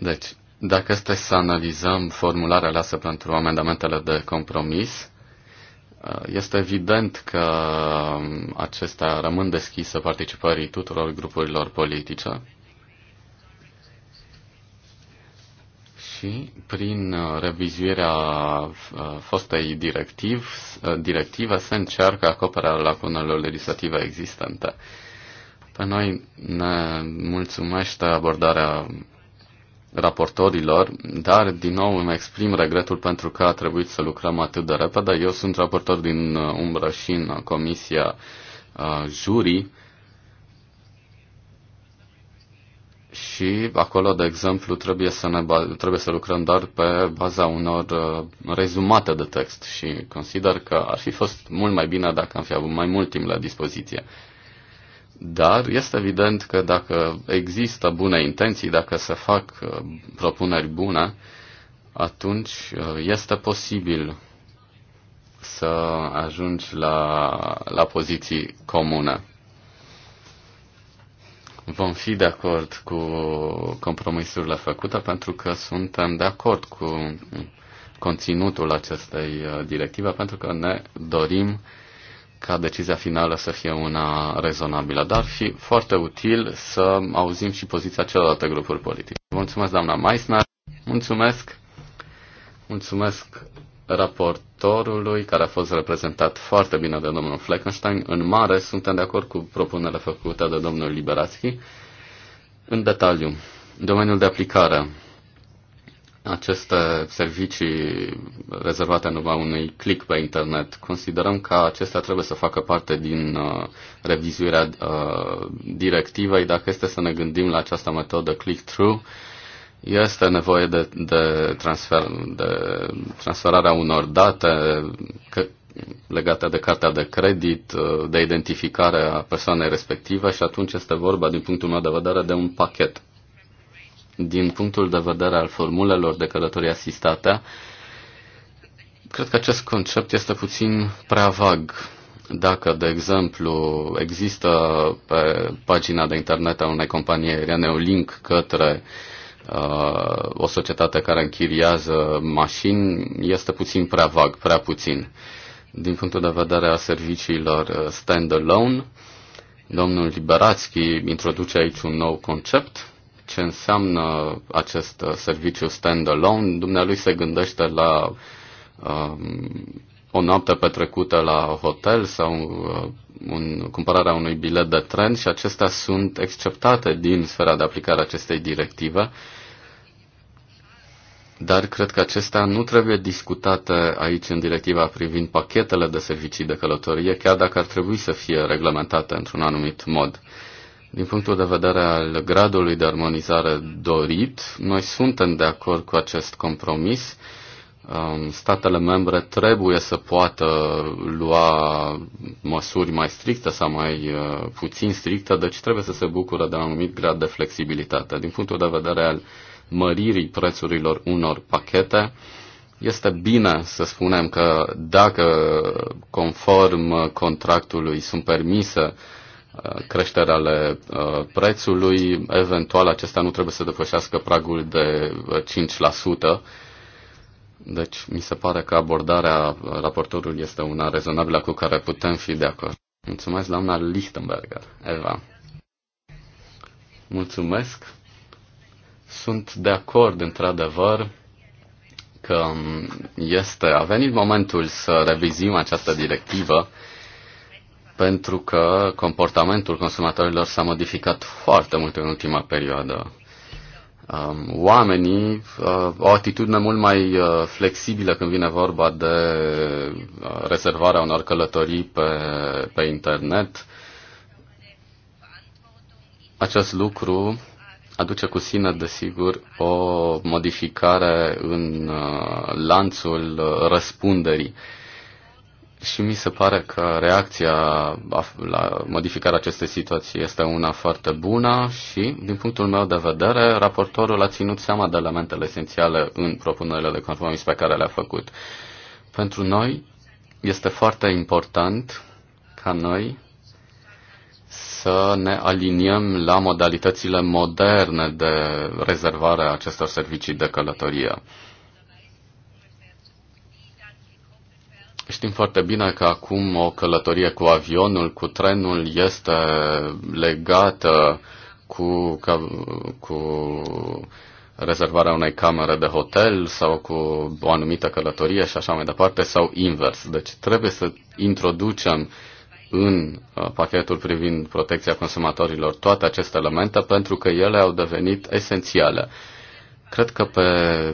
Deci, dacă este să analizăm formularea astea pentru amendamentele de compromis, Uh, este evident că um, acestea rămân deschise participării tuturor grupurilor politice și prin uh, revizuirea uh, fostei directiv, directive se încearcă acoperirea lacunelor legislative existente. Pe noi ne mulțumește abordarea raportorilor, dar din nou îmi exprim regretul pentru că a trebuit să lucrăm atât de repede. Eu sunt raportor din uh, umbră și în comisia uh, jurii și acolo, de exemplu, trebuie să, ne, trebuie să lucrăm doar pe baza unor uh, rezumate de text și consider că ar fi fost mult mai bine dacă am fi avut mai mult timp la dispoziție. Uh, dar este evident că dacă există bune intenții, dacă se fac uh, propuneri bune, atunci uh, este posibil să ajungi la, la poziții comune. Vom fi de acord cu compromisurile făcute pentru că suntem de acord cu conținutul acestei uh, directive pentru că ne dorim uh, ca decizia finală să fie una rezonabilă, dar fi foarte util să auzim și poziția celorlalte grupuri politice. Mulțumesc, doamna Meissner. Mulțumesc. Mulțumesc raportorului, care a fost reprezentat foarte bine de domnul Fleckenstein. În mare, suntem de acord cu propunerea făcută de domnul Liberațchi. În detaliu, domeniul de aplicare aceste servicii rezervate numai unui click pe internet. Considerăm că acestea trebuie să facă parte din uh, revizuirea uh, directivei. Dacă este să ne gândim la această metodă click-through, este nevoie de, de, transfer, de transferarea unor date că, legate de cartea de credit, uh, de identificare a persoanei respective și atunci este vorba, din punctul meu de vedere, de un pachet din punctul de vedere al formulelor de călătorie asistată, cred că acest concept este puțin prea vag. Dacă, de exemplu, există pe pagina de internet a unei companii aeriene un link către uh, o societate care închiriază mașini, este puțin prea vag, prea puțin. Din punctul de vedere a serviciilor uh, stand-alone, domnul Liberațchi introduce aici un nou concept ce înseamnă acest uh, serviciu stand-alone. Dumnealui se gândește la um, o noapte petrecută la hotel sau uh, un, cumpărarea unui bilet de tren și acestea sunt exceptate din sfera de aplicare a acestei directive. Dar cred că acestea nu trebuie discutate aici în directiva privind pachetele de servicii de călătorie, chiar dacă ar trebui să fie reglementate într-un anumit mod. Din punctul de vedere al gradului de armonizare dorit, noi suntem de acord cu acest compromis. Um, statele membre trebuie să poată lua măsuri mai stricte sau mai uh, puțin stricte, deci trebuie să se bucură de un anumit grad de flexibilitate. Din punctul de vedere al măririi prețurilor unor pachete, este bine să spunem că dacă conform contractului sunt permise creșteri ale uh, prețului, eventual acesta nu trebuie să depășească pragul de 5%. Uh, deci mi se pare că abordarea raportorului este una rezonabilă cu care putem fi de acord. Mulțumesc, doamna Lichtenberger. Eva. Mulțumesc. Sunt de acord, într-adevăr, că este a venit momentul să revizim această directivă pentru că comportamentul consumatorilor s-a modificat foarte mult în ultima perioadă. Um, oamenii au uh, o atitudine mult mai uh, flexibilă când vine vorba de uh, rezervarea unor călătorii pe, pe internet. Acest lucru aduce cu sine, desigur, o modificare în lanțul răspunderii și mi se pare că reacția la modificarea acestei situații este una foarte bună și, din punctul meu de vedere, raportorul a ținut seama de elementele esențiale în propunerile de compromis pe care le-a făcut. Pentru noi este foarte important ca noi să ne aliniem la modalitățile moderne de rezervare a acestor servicii de călătorie. Știm foarte bine că acum o călătorie cu avionul, cu trenul este legată cu, ca, cu rezervarea unei camere de hotel sau cu o anumită călătorie și așa mai departe, sau invers. Deci trebuie să introducem în uh, pachetul privind protecția consumatorilor toate aceste elemente pentru că ele au devenit esențiale. Cred că pe,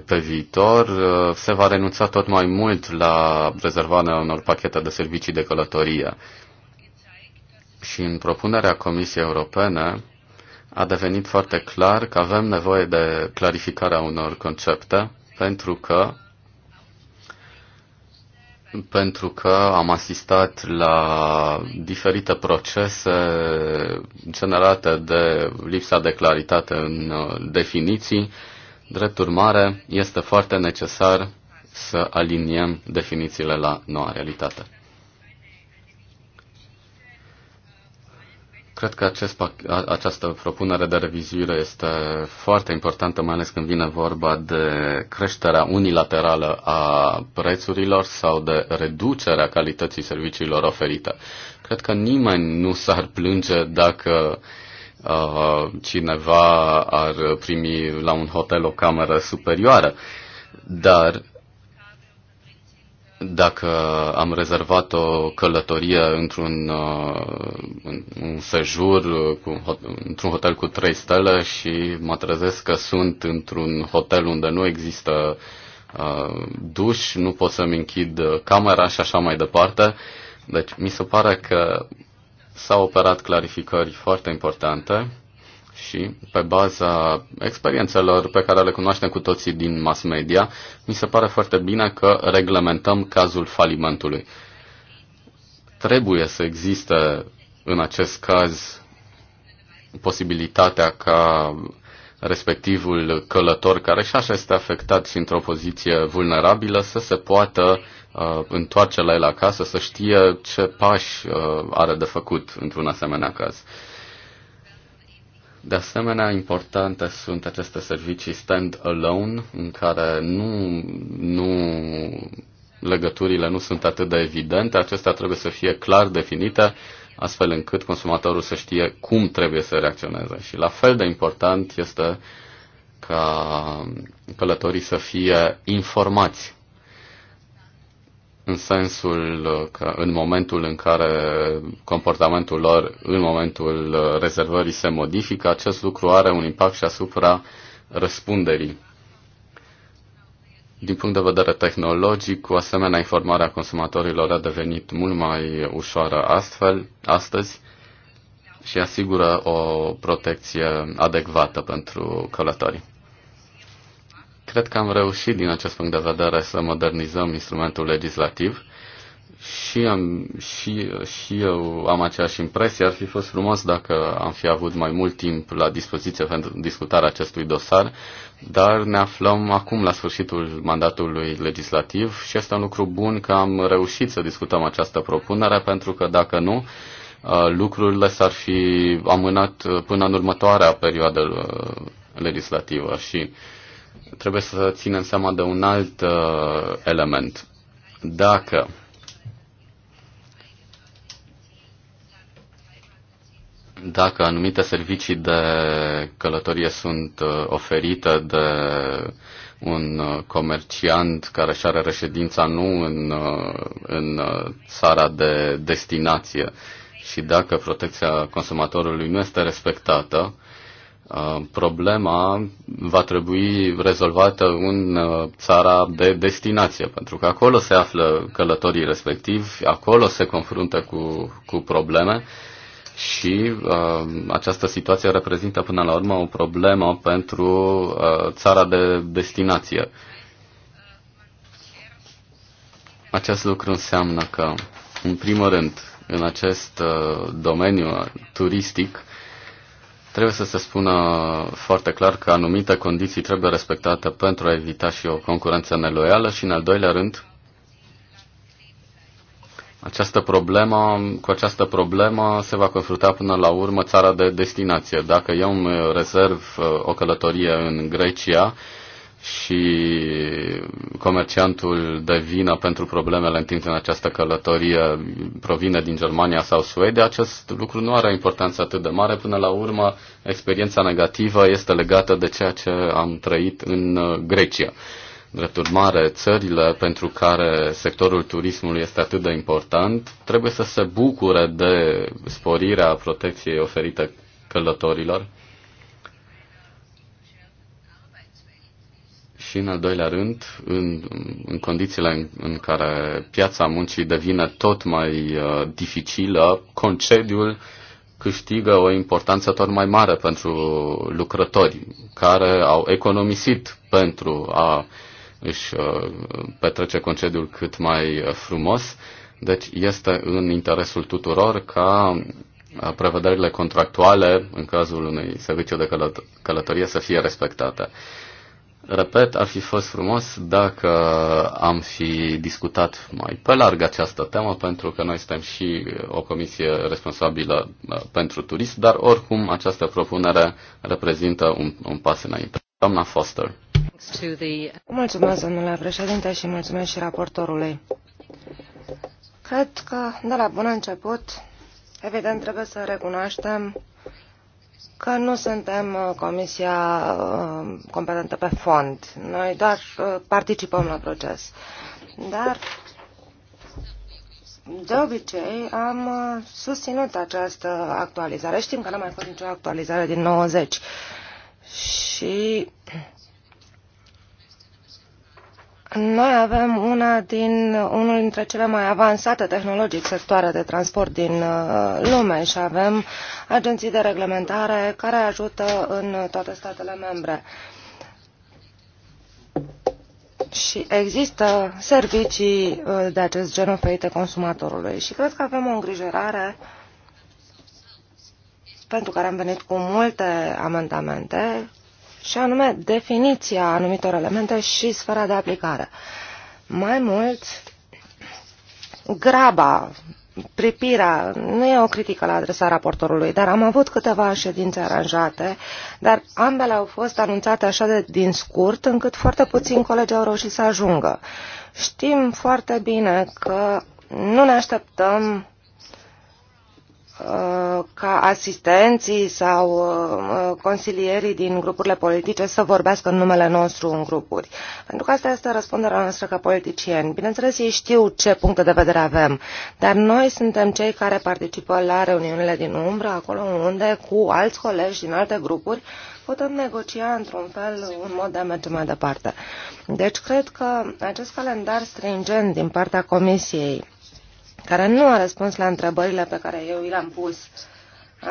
pe viitor uh, se va renunța tot mai mult la rezervarea unor pachete de servicii de călătorie. Și în propunerea Comisiei Europene a devenit foarte clar că avem nevoie de clarificarea unor concepte pentru că pentru că am asistat la diferite procese generate de lipsa de claritate în uh, definiții, Drept urmare, este foarte necesar să aliniem definițiile la noua realitate. Cred că acest, această propunere de revizuire este foarte importantă, mai ales când vine vorba de creșterea unilaterală a prețurilor sau de reducerea calității serviciilor oferite. Cred că nimeni nu s-ar plânge dacă uh, Uh, cineva ar primi la un hotel o cameră superioară, dar dacă am rezervat o călătorie într-un uh, un sejur, cu, într-un hotel cu trei stele și mă trezesc că sunt într-un hotel unde nu există uh, duș, nu pot să-mi închid camera și așa mai departe. Deci mi se pare că S-au operat clarificări foarte importante și pe baza experiențelor pe care le cunoaștem cu toții din mass media, mi se pare foarte bine că reglementăm cazul falimentului. Trebuie să existe în acest caz posibilitatea ca respectivul călător care și așa este afectat și într-o poziție vulnerabilă să se poată uh, întoarce la el acasă, să știe ce pași uh, are de făcut într-un asemenea caz. De asemenea, importante sunt aceste servicii stand-alone, în care nu, nu legăturile nu sunt atât de evidente, acestea trebuie să fie clar definite, astfel încât consumatorul să știe cum trebuie să reacționeze. Și la fel de important este ca călătorii să fie informați în sensul uh, că în momentul în care comportamentul lor, în momentul uh, rezervării se modifică, acest lucru are un impact și asupra răspunderii. Din punct de vedere tehnologic, cu asemenea informarea consumatorilor a devenit mult mai ușoară astfel, astăzi și asigură o protecție adecvată pentru călătorii. Cred că am reușit din acest punct de vedere să modernizăm instrumentul legislativ și, am, și, și eu am aceeași impresie. Ar fi fost frumos dacă am fi avut mai mult timp la dispoziție pentru discutarea acestui dosar, dar ne aflăm acum la sfârșitul mandatului legislativ și este un lucru bun că am reușit să discutăm această propunere, pentru că dacă nu, uh, lucrurile s-ar fi amânat uh, până în următoarea perioadă uh, legislativă și trebuie să ținem seama de un alt uh, element. Dacă dacă anumite servicii de călătorie sunt uh, oferite de un uh, comerciant care își are reședința nu în, uh, în țara de destinație și dacă protecția consumatorului nu este respectată, Uh, problema va trebui rezolvată în uh, țara de destinație, pentru că acolo se află călătorii respectivi, acolo se confruntă cu, cu probleme și uh, această situație reprezintă până la urmă o problemă pentru uh, țara de destinație. Acest lucru înseamnă că, în primul rând, în acest uh, domeniu turistic, Trebuie să se spună foarte clar că anumite condiții trebuie respectate pentru a evita și o concurență neloială și, în al doilea rând, această problemă, cu această problemă se va confrunta până la urmă țara de destinație. Dacă eu îmi rezerv uh, o călătorie în Grecia, și comerciantul de vină pentru problemele întinse în această călătorie provine din Germania sau Suedia, acest lucru nu are importanță atât de mare. Până la urmă, experiența negativă este legată de ceea ce am trăit în uh, Grecia. Drept urmare, țările pentru care sectorul turismului este atât de important trebuie să se bucure de sporirea protecției oferite călătorilor Și în al doilea rând, în, în condițiile în, în care piața muncii devine tot mai uh, dificilă, concediul câștigă o importanță tot mai mare pentru lucrători care au economisit pentru a își uh, petrece concediul cât mai frumos. Deci este în interesul tuturor ca uh, prevederile contractuale în cazul unui serviciu de călătorie să fie respectate. Repet, ar fi fost frumos dacă am fi discutat mai pe larg această temă, pentru că noi suntem și o comisie responsabilă uh, pentru turism, dar oricum această propunere reprezintă un, un pas înainte. Doamna Foster. Mulțumesc, domnule președinte, și mulțumesc și raportorului. Cred că, de la bun început, evident trebuie să recunoaștem că nu suntem uh, comisia uh, competentă pe fond. Noi doar uh, participăm la proces. Dar de obicei am susținut această actualizare. Știm că n-a mai fost nicio actualizare din 90. Și noi avem una din, unul dintre cele mai avansate tehnologic sectoare de transport din uh, lume și avem agenții de reglementare care ajută în toate statele membre. Și există servicii uh, de acest gen oferite consumatorului și cred că avem o îngrijorare pentru care am venit cu multe amendamente și anume definiția anumitor elemente și sfera de aplicare. Mai mult, graba, pripirea, nu e o critică la adresa raportorului, dar am avut câteva ședințe aranjate, dar ambele au fost anunțate așa de din scurt, încât foarte puțini colegi au reușit să ajungă. Știm foarte bine că nu ne așteptăm Uh, ca asistenții sau uh, uh, consilierii din grupurile politice să vorbească în numele nostru în grupuri. Pentru că asta este răspunderea noastră ca politicieni. Bineînțeles, ei știu ce puncte de vedere avem, dar noi suntem cei care participă la reuniunile din umbră, acolo unde cu alți colegi din alte grupuri putem negocia într-un fel un mod de a merge mai departe. Deci cred că acest calendar stringent din partea Comisiei care nu a răspuns la întrebările pe care eu i le-am pus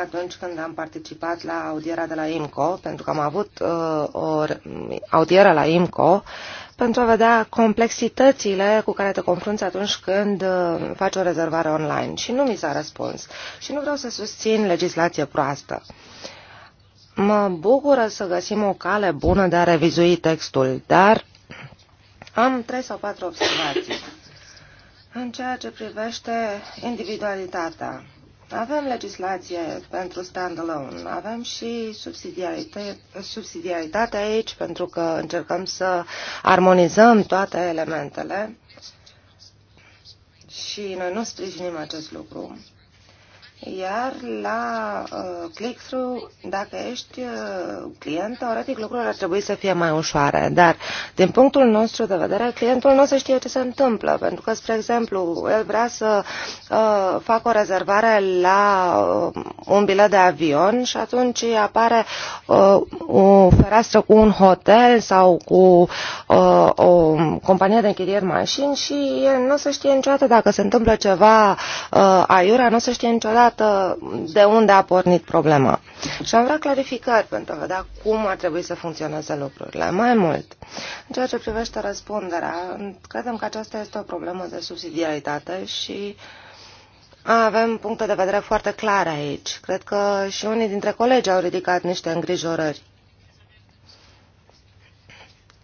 atunci când am participat la audiera de la IMCO, pentru că am avut uh, o audieră la IMCO, pentru a vedea complexitățile cu care te confrunți atunci când uh, faci o rezervare online. Și nu mi s-a răspuns. Și nu vreau să susțin legislație proastă. Mă bucură să găsim o cale bună de a revizui textul, dar am trei sau patru observații. În ceea ce privește individualitatea, avem legislație pentru standalone, avem și subsidiaritate, subsidiaritate aici pentru că încercăm să armonizăm toate elementele și noi nu sprijinim acest lucru. Iar la uh, click-through, dacă ești uh, client, teoretic lucrurile ar trebui să fie mai ușoare, dar din punctul nostru de vedere, clientul nu o să știe ce se întâmplă, pentru că, spre exemplu, el vrea să uh, facă o rezervare la uh, un bilet de avion și atunci apare uh, o fereastră cu un hotel sau cu uh, o companie de închiriere mașini și el nu o să știe niciodată dacă se întâmplă ceva uh, aiurea, nu o să știe niciodată arată de unde a pornit problema. Și am vrea clarificări pentru a vedea cum ar trebui să funcționeze lucrurile. Mai mult, în ceea ce privește răspunderea, credem că aceasta este o problemă de subsidiaritate și avem puncte de vedere foarte clare aici. Cred că și unii dintre colegi au ridicat niște îngrijorări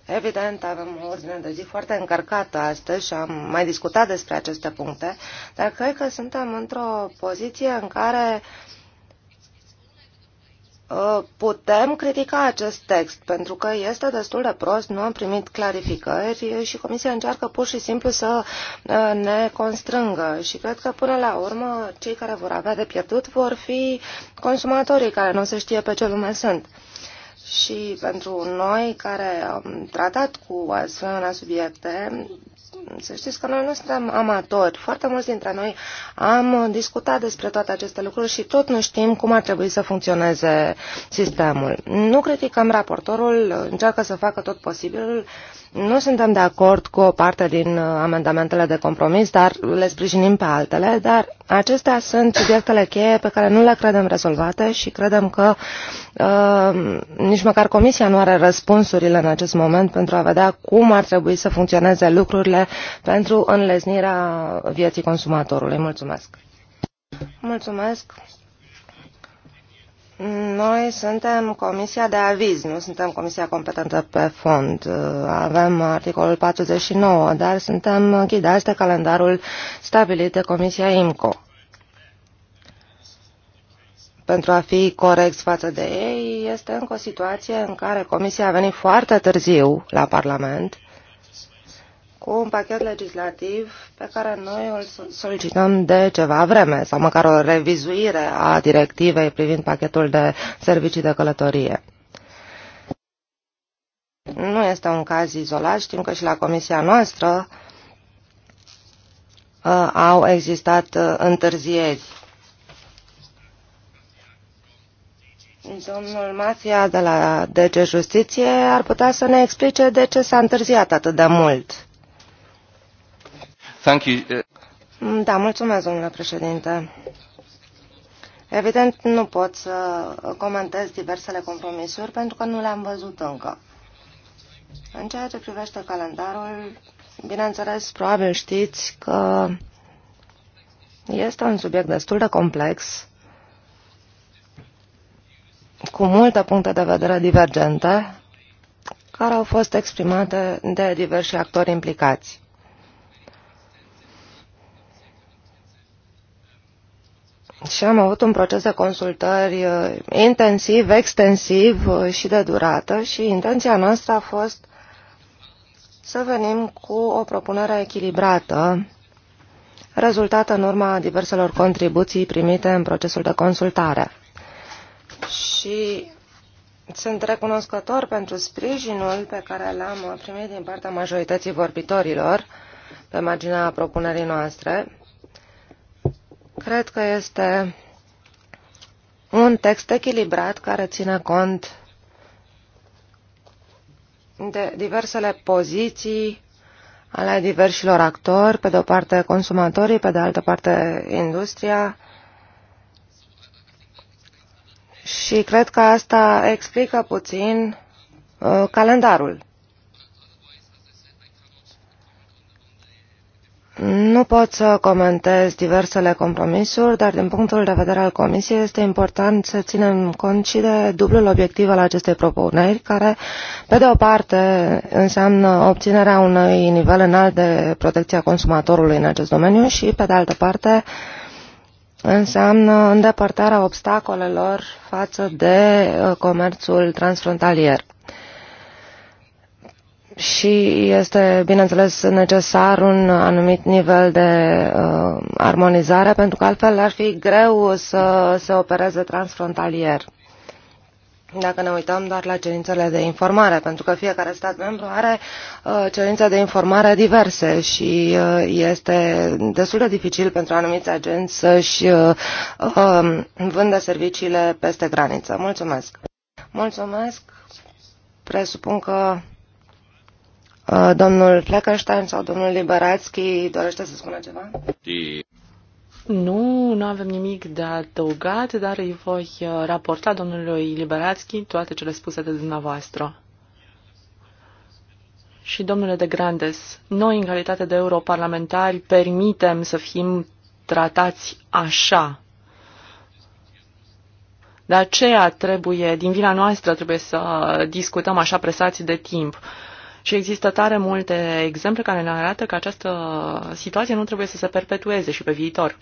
Evident, avem o ordine de zi foarte încărcată astăzi și am mai discutat despre aceste puncte, dar cred că suntem într-o poziție în care ă, putem critica acest text, pentru că este destul de prost, nu am primit clarificări și Comisia încearcă pur și simplu să ă, ne constrângă și cred că până la urmă cei care vor avea de pierdut vor fi consumatorii care nu se știe pe ce lume sunt. Și pentru noi care am tratat cu asemenea subiecte, să știți că noi nu suntem amatori. Foarte mulți dintre noi am discutat despre toate aceste lucruri și tot nu știm cum ar trebui să funcționeze sistemul. Nu criticăm raportorul, încearcă să facă tot posibilul nu suntem de acord cu o parte din uh, amendamentele de compromis, dar le sprijinim pe altele, dar acestea sunt subiectele cheie pe care nu le credem rezolvate și credem că uh, nici măcar Comisia nu are răspunsurile în acest moment pentru a vedea cum ar trebui să funcționeze lucrurile pentru înlesnirea vieții consumatorului. Mulțumesc! Mulțumesc! Noi suntem comisia de aviz, nu suntem comisia competentă pe fond. Avem articolul 49, dar suntem ghidați de calendarul stabilit de comisia IMCO. Pentru a fi corect față de ei, este încă o situație în care comisia a venit foarte târziu la Parlament cu un pachet legislativ pe care noi îl solicităm de ceva vreme, sau măcar o revizuire a directivei privind pachetul de servicii de călătorie. Nu este un caz izolat, știm că și la comisia noastră uh, au existat uh, întârzieri. Domnul Mafia de la DG Justiție ar putea să ne explice de ce s-a întârziat atât de mult da, mulțumesc, domnule președinte. Evident, nu pot să comentez diversele compromisuri pentru că nu le-am văzut încă. În ceea ce privește calendarul, bineînțeles, probabil știți că este un subiect destul de complex, cu multe puncte de vedere divergente, care au fost exprimate de diversi actori implicați. și am avut un proces de consultări uh, intensiv, extensiv uh, și de durată și intenția noastră a fost să venim cu o propunere echilibrată rezultată în urma diverselor contribuții primite în procesul de consultare. Și sunt recunoscător pentru sprijinul pe care l-am primit din partea majorității vorbitorilor pe marginea propunerii noastre Cred că este un text echilibrat care ține cont de diversele poziții ale diversilor actori, pe de o parte consumatorii, pe de altă parte industria. Și cred că asta explică puțin uh, calendarul. Nu pot să comentez diversele compromisuri, dar din punctul de vedere al Comisiei este important să ținem cont și de dublul obiectiv al acestei propuneri, care, pe de o parte, înseamnă obținerea unui nivel înalt de protecție a consumatorului în acest domeniu și, pe de altă parte, înseamnă îndepărtarea obstacolelor față de uh, comerțul transfrontalier și este, bineînțeles, necesar un anumit nivel de uh, armonizare, pentru că altfel ar fi greu să se opereze transfrontalier. Dacă ne uităm doar la cerințele de informare, pentru că fiecare stat membru are uh, cerințe de informare diverse și uh, este destul de dificil pentru anumiți agenți să-și uh, uh, vândă serviciile peste graniță. Mulțumesc! Mulțumesc! Presupun că Uh, domnul Fleckenstein sau domnul Liberațchi dorește să spună ceva? Nu, nu avem nimic de adăugat, dar îi voi uh, raporta domnului Liberațchi toate cele spuse de dumneavoastră. Și domnule de Grandes, noi, în calitate de europarlamentari, permitem să fim tratați așa. De aceea trebuie, din vina noastră, trebuie să discutăm așa presați de timp. Uh, și există tare multe exemple care ne arată că această situație nu trebuie să se perpetueze și pe viitor.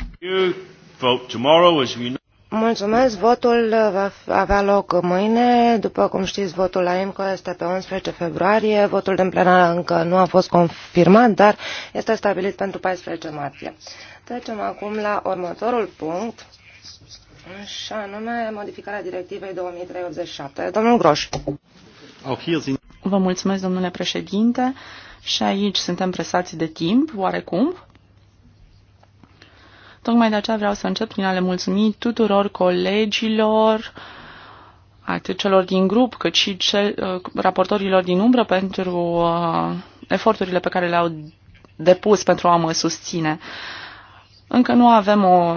Mulțumesc. Votul va avea loc mâine. După cum știți, votul la IMCO este pe 11 februarie. Votul de plenară încă nu a fost confirmat, dar este stabilit pentru 14 martie. Trecem acum la următorul punct, și anume modificarea directivei 2387. Domnul Groș. Vă mulțumesc, domnule președinte. Și aici suntem presați de timp, oarecum. Tocmai de aceea vreau să încep prin a le mulțumi tuturor colegilor, atât celor din grup, cât și cel, uh, raportorilor din umbră pentru uh, eforturile pe care le-au depus pentru a mă susține. Uh, încă nu avem o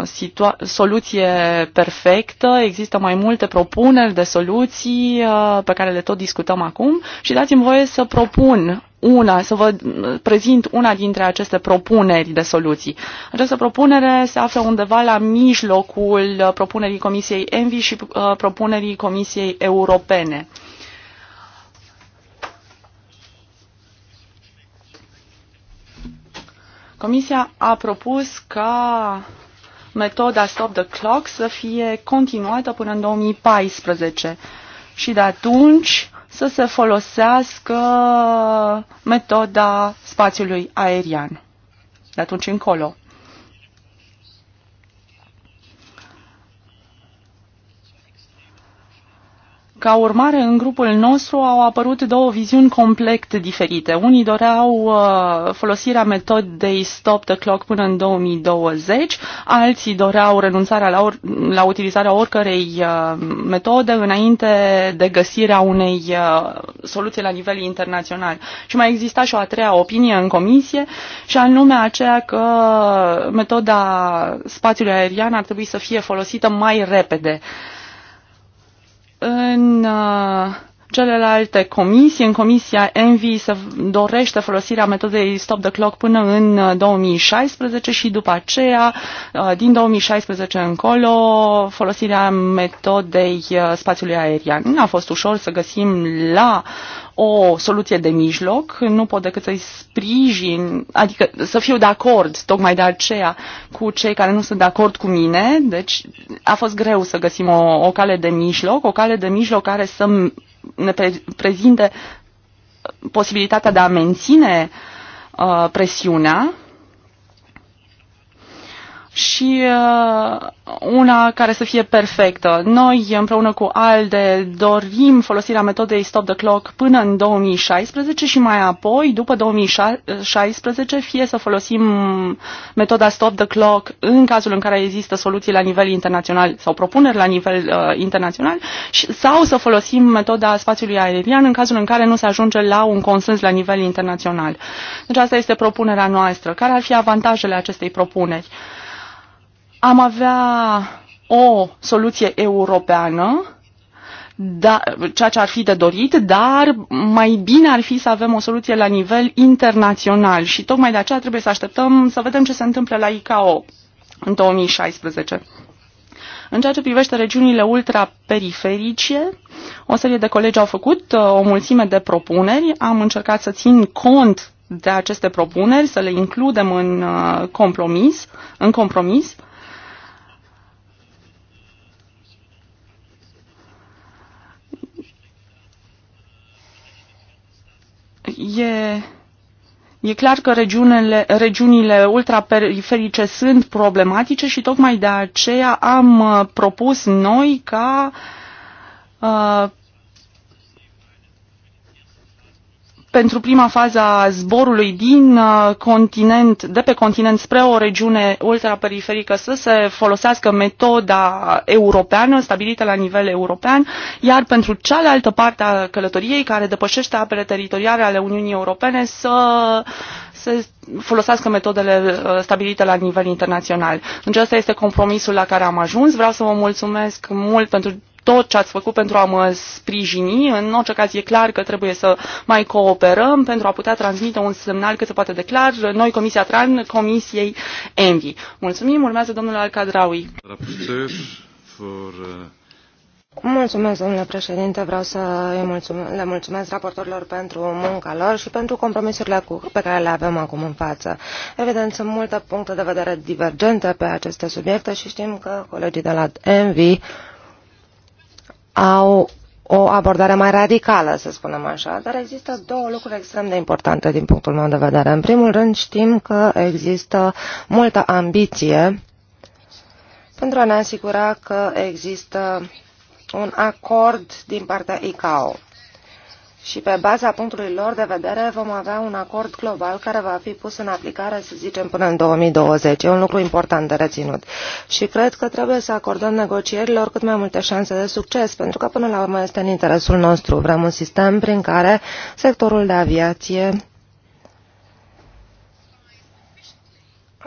soluție perfectă, există mai multe propuneri de soluții uh, pe care le tot discutăm acum și dați-mi voie să propun una, să vă prezint una dintre aceste propuneri de soluții. Această propunere se află undeva la mijlocul propunerii Comisiei Envi și uh, propunerii Comisiei Europene. Comisia a propus ca metoda Stop the Clock să fie continuată până în 2014 și de atunci să se folosească metoda spațiului aerian. De atunci încolo. Ca urmare, în grupul nostru au apărut două viziuni complet diferite. Unii doreau uh, folosirea metodei Stop the Clock până în 2020, alții doreau renunțarea la, or- la utilizarea oricărei uh, metode înainte de găsirea unei uh, soluții la nivel internațional. Și mai exista și o a treia opinie în comisie, și anume aceea că metoda spațiului aerian ar trebui să fie folosită mai repede. Uh, în uh, celelalte comisii, în comisia ENVI se dorește folosirea metodei stop the clock până în 2016 uh, și după aceea, uh, din 2016 încolo, folosirea metodei spațiului aerian. Nu a fost ușor să găsim la o soluție de mijloc, nu pot decât să-i sprijin, adică să fiu de acord tocmai de aceea cu cei care nu sunt de acord cu mine, deci a fost greu să găsim o, o cale de mijloc, o cale de mijloc care să ne pre- prezinte posibilitatea de a menține uh, presiunea și uh, una care să fie perfectă. Noi, împreună cu ALDE, dorim folosirea metodei Stop the Clock până în 2016 și mai apoi, după 2016, fie să folosim metoda Stop the Clock în cazul în care există soluții la nivel internațional sau propuneri la nivel uh, internațional și, sau să folosim metoda spațiului aerian în cazul în care nu se ajunge la un consens la nivel internațional. Deci asta este propunerea noastră. Care ar fi avantajele acestei propuneri? am avea o soluție europeană, da, ceea ce ar fi de dorit, dar mai bine ar fi să avem o soluție la nivel internațional și tocmai de aceea trebuie să așteptăm să vedem ce se întâmplă la ICAO în 2016. În ceea ce privește regiunile ultraperiferice, o serie de colegi au făcut uh, o mulțime de propuneri. Am încercat să țin cont de aceste propuneri, să le includem în uh, compromis, în compromis. e E clar că regiunile, regiunile ultraperiferice sunt problematice și tocmai de aceea am uh, propus noi ca uh, pentru prima fază a zborului din uh, continent, de pe continent spre o regiune ultraperiferică să se folosească metoda europeană, stabilită la nivel european, iar pentru cealaltă parte a călătoriei, care depășește apele teritoriale ale Uniunii Europene, să se folosească metodele uh, stabilite la nivel internațional. Deci acesta este compromisul la care am ajuns. Vreau să vă mulțumesc mult pentru tot ce ați făcut pentru a mă sprijini. În orice caz e clar că trebuie să mai cooperăm pentru a putea transmite un semnal cât se poate de clar. Noi, Comisia Tran, Comisiei Envi. Mulțumim, urmează domnul Alcadraui. Mulțumesc, domnule președinte. Vreau să le mulțumesc raportorilor pentru munca lor și pentru compromisurile cu, pe care le avem acum în față. Evident, sunt multe puncte de vedere divergente pe aceste subiecte și știm că colegii de la ENVI au o abordare mai radicală, să spunem așa, dar există două lucruri extrem de importante din punctul meu de vedere. În primul rând știm că există multă ambiție pentru a ne asigura că există un acord din partea ICAO și pe baza punctului lor de vedere vom avea un acord global care va fi pus în aplicare, să zicem, până în 2020. E un lucru important de reținut. Și cred că trebuie să acordăm negocierilor cât mai multe șanse de succes, pentru că până la urmă este în interesul nostru. Vrem un sistem prin care sectorul de aviație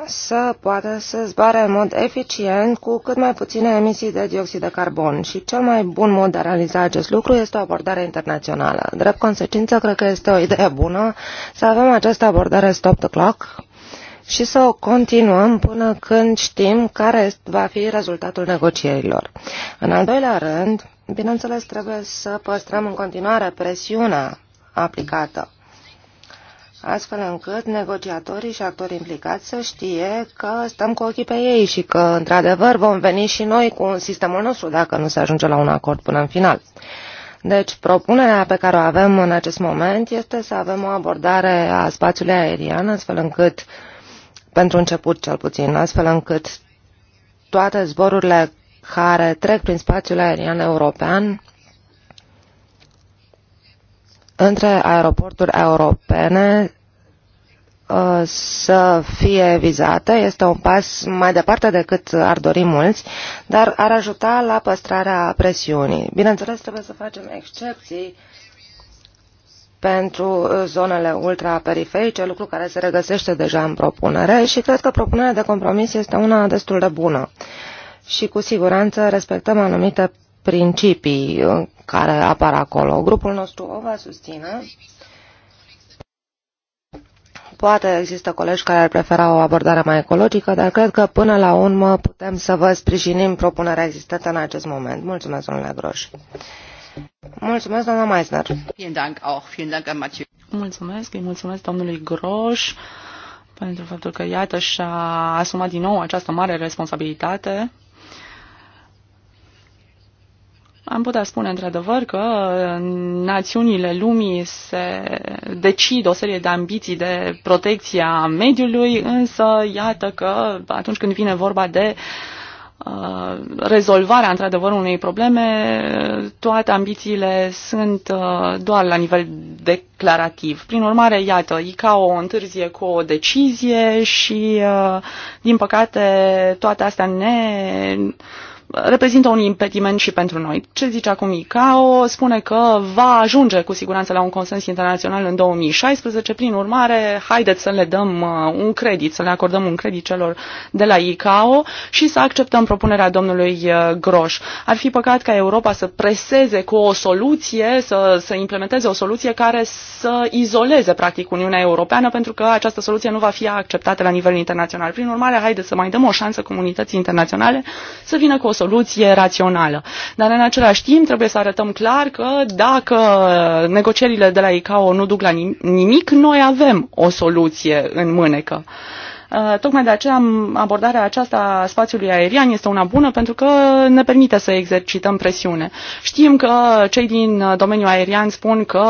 să poată să zboare în mod eficient cu cât mai puține emisii de dioxid de carbon și cel mai bun mod de a realiza acest lucru este o abordare internațională. Drept consecință, cred că este o idee bună să avem această abordare stop the clock și să o continuăm până când știm care va fi rezultatul negocierilor. În al doilea rând, bineînțeles, trebuie să păstrăm în continuare presiunea aplicată astfel încât negociatorii și actorii implicați să știe că stăm cu ochii pe ei și că, într-adevăr, vom veni și noi cu un sistemul nostru dacă nu se ajunge la un acord până în final. Deci, propunerea pe care o avem în acest moment este să avem o abordare a spațiului aerian, astfel încât, pentru început cel puțin, astfel încât toate zborurile care trec prin spațiul aerian european între aeroporturi europene uh, să fie vizate. Este un pas mai departe decât ar dori mulți, dar ar ajuta la păstrarea presiunii. Bineînțeles, trebuie să facem excepții pentru zonele ultraperiferice, lucru care se regăsește deja în propunere și cred că propunerea de compromis este una destul de bună. Și cu siguranță respectăm anumite principii care apar acolo. Grupul nostru o va susține. Poate există colegi care ar prefera o abordare mai ecologică, dar cred că până la urmă putem să vă sprijinim propunerea existentă în acest moment. Mulțumesc, domnule Groș. Mulțumesc, doamna Meisner. Mulțumesc, îi mulțumesc domnului Groș pentru faptul că, iată, și-a asumat din nou această mare responsabilitate am putea spune într-adevăr că uh, națiunile lumii se decid o serie de ambiții de protecție a mediului, însă iată că atunci când vine vorba de uh, rezolvarea într-adevăr unei probleme, toate ambițiile sunt uh, doar la nivel declarativ. Prin urmare, iată, ICAO o întârzie cu o decizie și, din păcate, toate astea ne reprezintă un impediment și pentru noi. Ce zice acum ICAO? Spune că va ajunge cu siguranță la un consens internațional în 2016, prin urmare, haideți să le dăm uh, un credit, să le acordăm un credit celor de la ICAO și să acceptăm propunerea domnului uh, Groș. Ar fi păcat ca Europa să preseze cu o soluție, să, să implementeze o soluție care să izoleze practic Uniunea Europeană, pentru că această soluție nu va fi acceptată la nivel internațional. Prin urmare, haideți să mai dăm o șansă comunității internaționale să vină cu o soluție rațională. Dar în același timp trebuie să arătăm clar că dacă negocierile de la ICAO nu duc la nimic, noi avem o soluție în mânecă. Uh, Uh, tocmai de aceea abordarea aceasta a spațiului aerian este una bună pentru că ne permite să exercităm presiune. Știm că cei din domeniul aerian spun că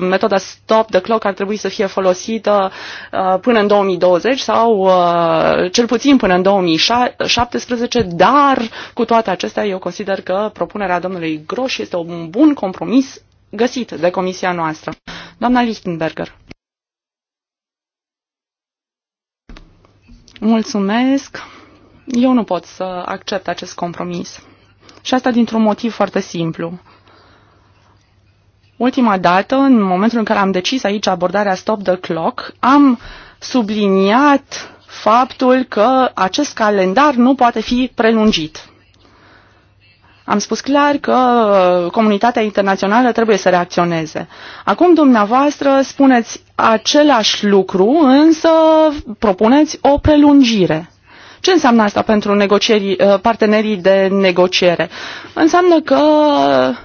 metoda stop the clock ar trebui să fie folosită uh, până în 2020 sau uh, cel puțin până în 2017, dar cu toate acestea eu consider că propunerea domnului Groș este un bun compromis găsit de comisia noastră. Doamna Lichtenberger. Mulțumesc. Eu nu pot să accept acest compromis. Și asta dintr-un motiv foarte simplu. Ultima dată, în momentul în care am decis aici abordarea Stop the Clock, am subliniat faptul că acest calendar nu poate fi prelungit. Am spus clar că uh, comunitatea internațională trebuie să reacționeze. Acum dumneavoastră spuneți același lucru, însă propuneți o prelungire. Ce înseamnă asta pentru uh, partenerii de negociere? Înseamnă că uh,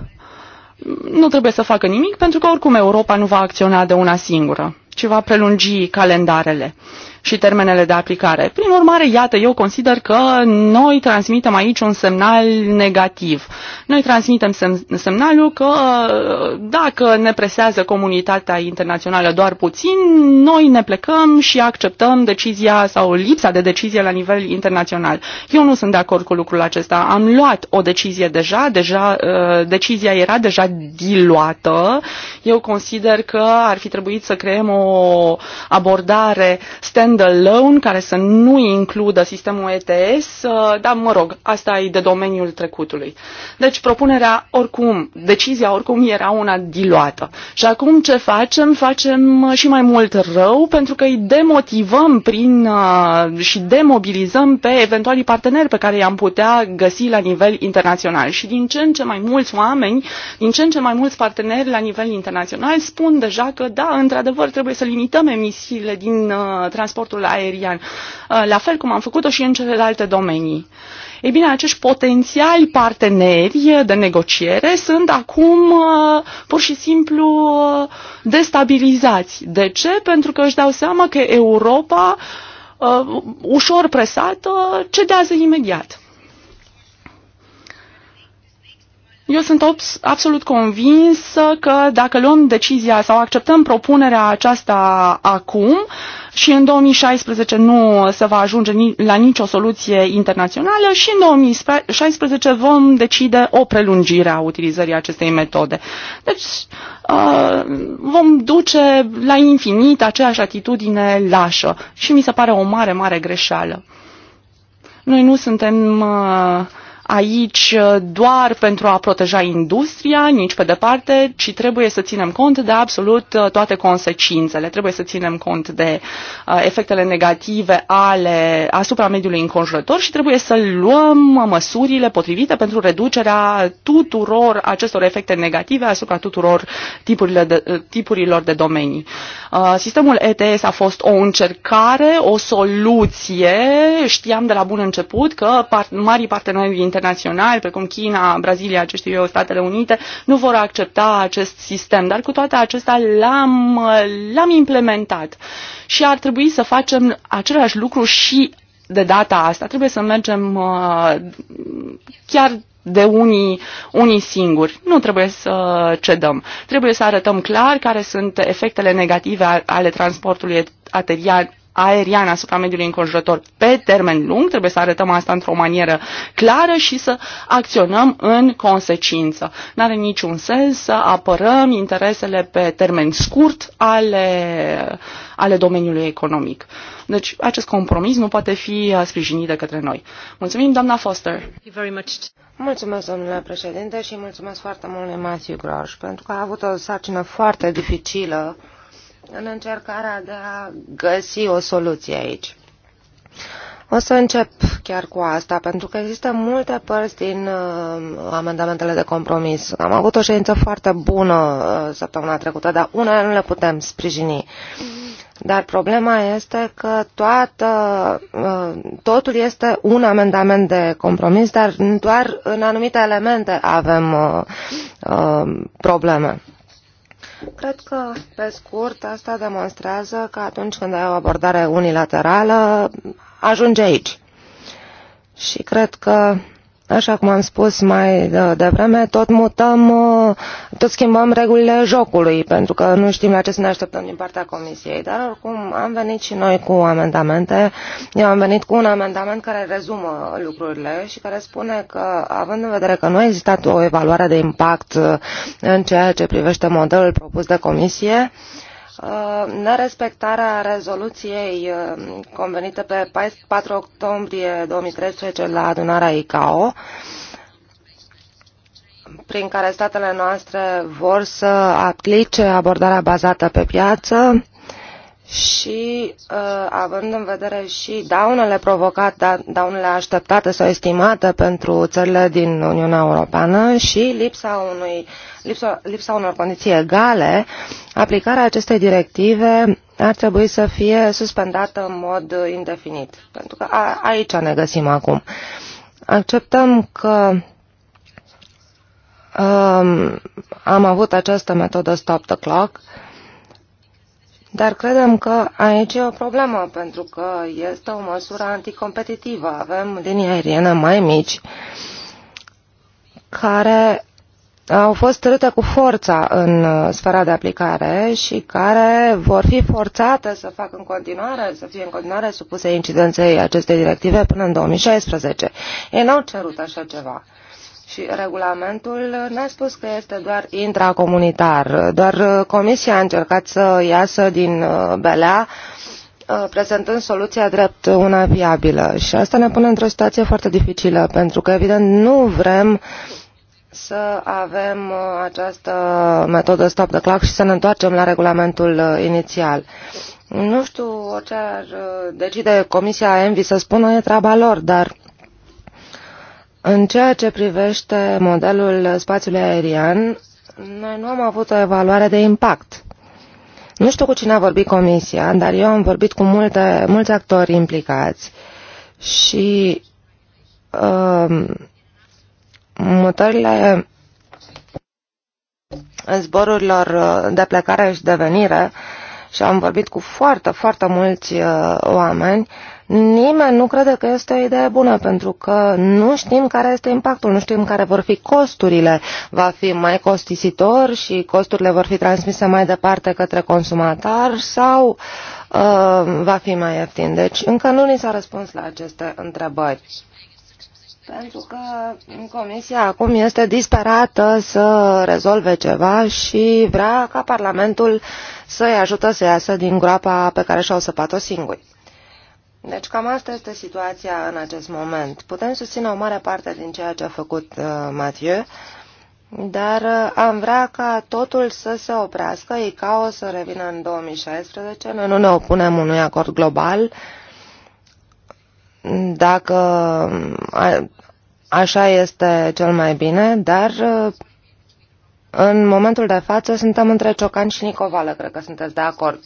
nu trebuie să facă nimic pentru că oricum Europa nu va acționa de una singură, ci va prelungi calendarele. Uh, și termenele de aplicare. Prin urmare, iată, eu consider că noi transmitem aici un semnal negativ. Noi transmitem sem- semnalul că dacă ne presează comunitatea internațională doar puțin, noi ne plecăm și acceptăm decizia sau lipsa de decizie la nivel internațional. Eu nu sunt de acord cu lucrul acesta. Am luat o decizie deja, deja uh, decizia era deja diluată. Eu consider că ar fi trebuit să creăm o abordare stand stand-alone care să nu includă sistemul ETS, uh, dar mă rog, asta e de domeniul trecutului. Deci propunerea oricum, decizia oricum era una diluată. Și acum ce facem? Facem uh, și mai mult rău pentru că îi demotivăm prin uh, și demobilizăm pe eventualii parteneri pe care i-am putea găsi la nivel internațional. Și din ce în ce mai mulți oameni, din ce în ce mai mulți parteneri la nivel internațional spun deja că da, într-adevăr trebuie să limităm emisiile din uh, transport transportul aerian, uh, la fel cum am făcut-o și în celelalte domenii. Ei bine, acești potențiali parteneri de negociere sunt acum uh, pur și simplu uh, destabilizați. De ce? Pentru că își dau seama că Europa, ușor presată, cedează imediat. Eu sunt absolut convins că dacă luăm decizia sau acceptăm propunerea aceasta acum, și în 2016 nu se va ajunge la nicio soluție internațională și în 2016 vom decide o prelungire a utilizării acestei metode. Deci uh, vom duce la infinit aceeași atitudine lașă și mi se pare o mare, mare greșeală. Noi nu suntem uh, aici uh, doar pentru a proteja industria, nici pe departe, ci trebuie să ținem cont de absolut uh, toate consecințele. Trebuie să ținem cont de uh, efectele negative ale asupra mediului înconjurător și trebuie să luăm măsurile potrivite pentru reducerea tuturor acestor efecte negative asupra tuturor tipurile de, tipurilor de domenii. Sistemul ETS a fost o încercare, o soluție. Știam de la bun început că par, marii parteneri internaționali internaționali, precum China, Brazilia, ce știu eu, Statele Unite, nu vor accepta acest sistem. Dar cu toate acestea l-am, l-am implementat. Și ar trebui să facem același lucru și de data asta. Trebuie să mergem uh, chiar de unii, unii singuri. Nu trebuie să cedăm. Trebuie să arătăm clar care sunt efectele negative ale transportului aterian aeriană asupra mediului înconjurător pe termen lung, trebuie să arătăm asta într-o manieră clară și să acționăm în consecință. Nu are niciun sens să apărăm interesele pe termen scurt ale, ale domeniului economic. Deci acest compromis nu poate fi sprijinit de către noi. Mulțumim, doamna Foster. Mulțumesc, domnule președinte, și mulțumesc foarte mult lui Matthew Grosh, pentru că a avut o sarcină foarte dificilă în încercarea de a găsi o soluție aici. O să încep chiar cu asta, pentru că există multe părți din uh, amendamentele de compromis. Am avut o ședință foarte bună uh, săptămâna trecută, dar unele nu le putem sprijini. Dar problema este că toată, uh, totul este un amendament de compromis, dar doar în anumite elemente avem uh, uh, probleme. Cred că, pe scurt, asta demonstrează că atunci când ai o abordare unilaterală, ajunge aici. Și cred că așa cum am spus mai uh, devreme, tot mutăm, uh, tot schimbăm regulile jocului, pentru că nu știm la ce să ne așteptăm din partea Comisiei. Dar oricum am venit și noi cu amendamente. Eu am venit cu un amendament care rezumă lucrurile și care spune că, având în vedere că nu a existat o evaluare de impact uh, în ceea ce privește modelul propus de Comisie, uh, Uh, nerespectarea rezoluției uh, convenită pe 4 octombrie 2013 la adunarea ICAO, prin care statele noastre vor să aplice abordarea bazată pe piață și uh, având în vedere și daunele provocate, da, daunele așteptate sau estimate pentru țările din Uniunea Europeană și lipsa, unui, lipsa, lipsa unor condiții egale, aplicarea acestei directive ar trebui să fie suspendată în mod indefinit, pentru că a, aici ne găsim acum. Acceptăm că um, am avut această metodă stop the clock, uh, dar credem că aici e o problemă, pentru că este o măsură anticompetitivă. Avem linii aeriene mai mici care au fost trăite cu forța în uh, sfera de aplicare și care vor fi forțate să facă în continuare, să fie în continuare supuse incidenței acestei directive până în 2016. Ei n-au cerut așa ceva. Și regulamentul n-a spus că este doar intracomunitar, doar uh, Comisia a încercat să iasă din uh, belea uh, prezentând soluția drept una viabilă. Și asta ne pune într-o situație foarte dificilă, pentru că, evident, nu vrem să avem această metodă stop the clock și să ne întoarcem la regulamentul inițial. Nu știu ce ar decide Comisia Envi să spună, e treaba lor, dar în ceea ce privește modelul spațiului aerian, noi nu am avut o evaluare de impact. Nu știu cu cine a vorbit comisia, dar eu am vorbit cu multe, mulți actori implicați și uh, mutările zborurilor de plecare și de venire și am vorbit cu foarte, foarte mulți uh, oameni uh, Nimeni nu crede că este o idee bună, pentru că nu știm care este impactul, nu știm care vor fi costurile. Va fi mai costisitor și costurile vor fi transmise mai departe către consumator sau uh, va fi mai ieftin. Deci încă nu ni s-a răspuns la aceste întrebări. Pentru că Comisia acum este disperată să rezolve ceva și vrea ca Parlamentul să-i ajută să iasă din groapa pe care și-au săpat-o singuri. Deci cam asta este situația în acest moment. Putem susține o mare parte din ceea ce a făcut uh, Mathieu, dar uh, am vrea ca totul să se oprească, o să revină în 2016. Noi nu ne opunem unui acord global. Dacă a, așa este cel mai bine, dar uh, în momentul de față suntem între Ciocan și Nicovală, cred că sunteți de acord. Uh,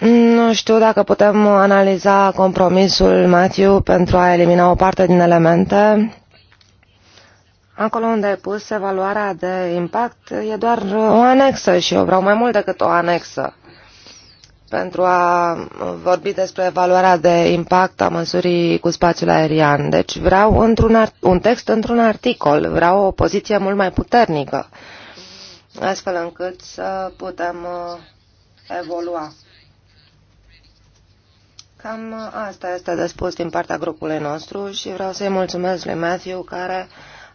nu știu dacă putem analiza compromisul Matthew pentru a elimina o parte din elemente. Acolo unde ai pus evaluarea de impact e doar o anexă și eu vreau mai mult decât o anexă. Pentru a vorbi despre evaluarea de impact a măsurii cu spațiul aerian. Deci vreau într-un un text într-un articol, vreau o poziție mult mai puternică, astfel încât să putem uh, evolua. Cam asta este de spus din partea grupului nostru și vreau să-i mulțumesc lui Matthew care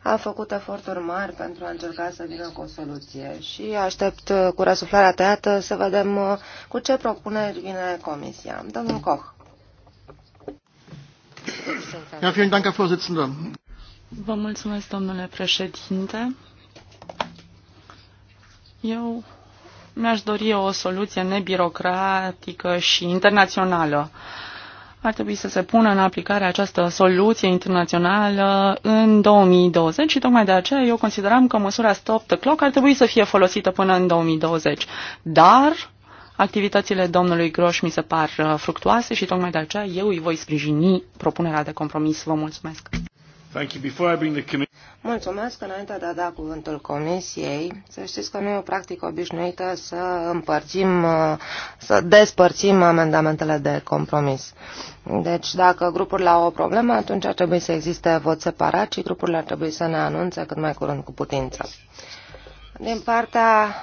a făcut eforturi mari pentru a încerca să vină cu o soluție și aștept uh, cu răsuflarea tăiată să vedem uh, cu ce propuneri vine Comisia. Domnul Koch. Vă mulțumesc, domnule președinte. Eu mi-aș dori o soluție nebirocratică și internațională. Ar trebui să se pună în aplicare această soluție internațională în 2020 și tocmai de aceea eu consideram că măsura Stop the Clock ar trebui să fie folosită până în 2020. Dar activitățile domnului Groș mi se par fructuoase și tocmai de aceea eu îi voi sprijini propunerea de compromis. Vă mulțumesc! Mulțumesc. Înainte de a da cuvântul Comisiei, să știți că nu e o practică obișnuită să împărțim, să despărțim amendamentele de compromis. Deci dacă grupurile au o problemă, atunci ar trebui să existe vot separat și grupurile ar trebui să ne anunțe cât mai curând cu putință. Din partea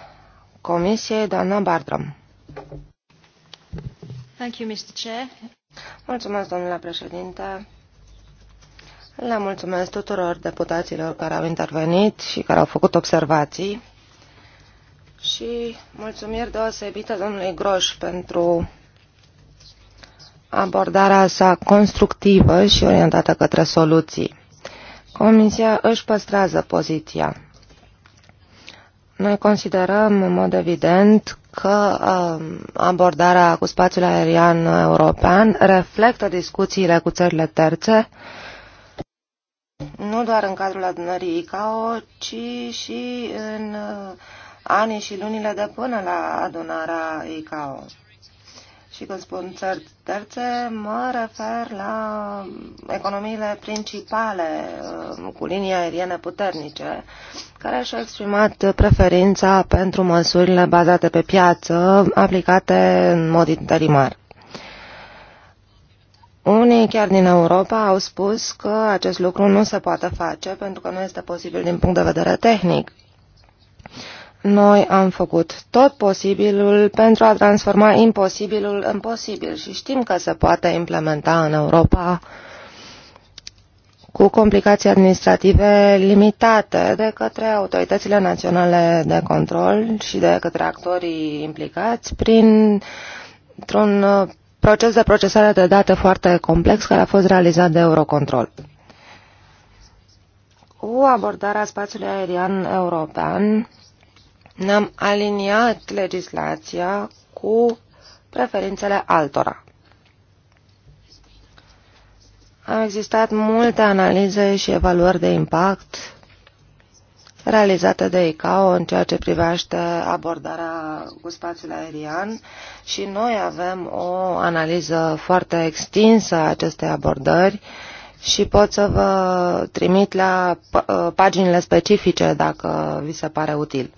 Comisiei, doamna Bardrom. Thank you, Mr. Chair. Mulțumesc, domnule președinte. Le mulțumesc tuturor deputaților care au intervenit și care au făcut observații și mulțumiri deosebită domnului Groș pentru abordarea sa constructivă și orientată către soluții. Comisia își păstrează poziția. Noi considerăm, în mod evident, că um, abordarea cu spațiul aerian european reflectă discuțiile cu țările terțe, nu doar în cadrul adunării ICAO, ci și în uh, anii și lunile de până la adunarea ICAO. Și când spun țări terțe, mă refer la economiile principale uh, cu linii aeriene puternice, care și-au exprimat preferința pentru măsurile bazate pe piață, aplicate în mod interimar. Unii chiar din Europa au spus că acest lucru nu se poate face pentru că nu este posibil din punct de vedere tehnic. Noi am făcut tot posibilul pentru a transforma imposibilul în posibil și știm că se poate implementa în Europa cu complicații administrative limitate de către autoritățile naționale de control și de către actorii implicați prin un proces de procesare de date foarte complex care a fost realizat de Eurocontrol. Cu abordarea spațiului aerian european ne-am aliniat legislația cu preferințele altora. Au existat multe analize și evaluări de impact realizată de ICAO în ceea ce privește abordarea cu spațiul aerian și noi avem o analiză foarte extinsă a acestei abordări și pot să vă trimit la ă, paginile specifice dacă vi se pare util.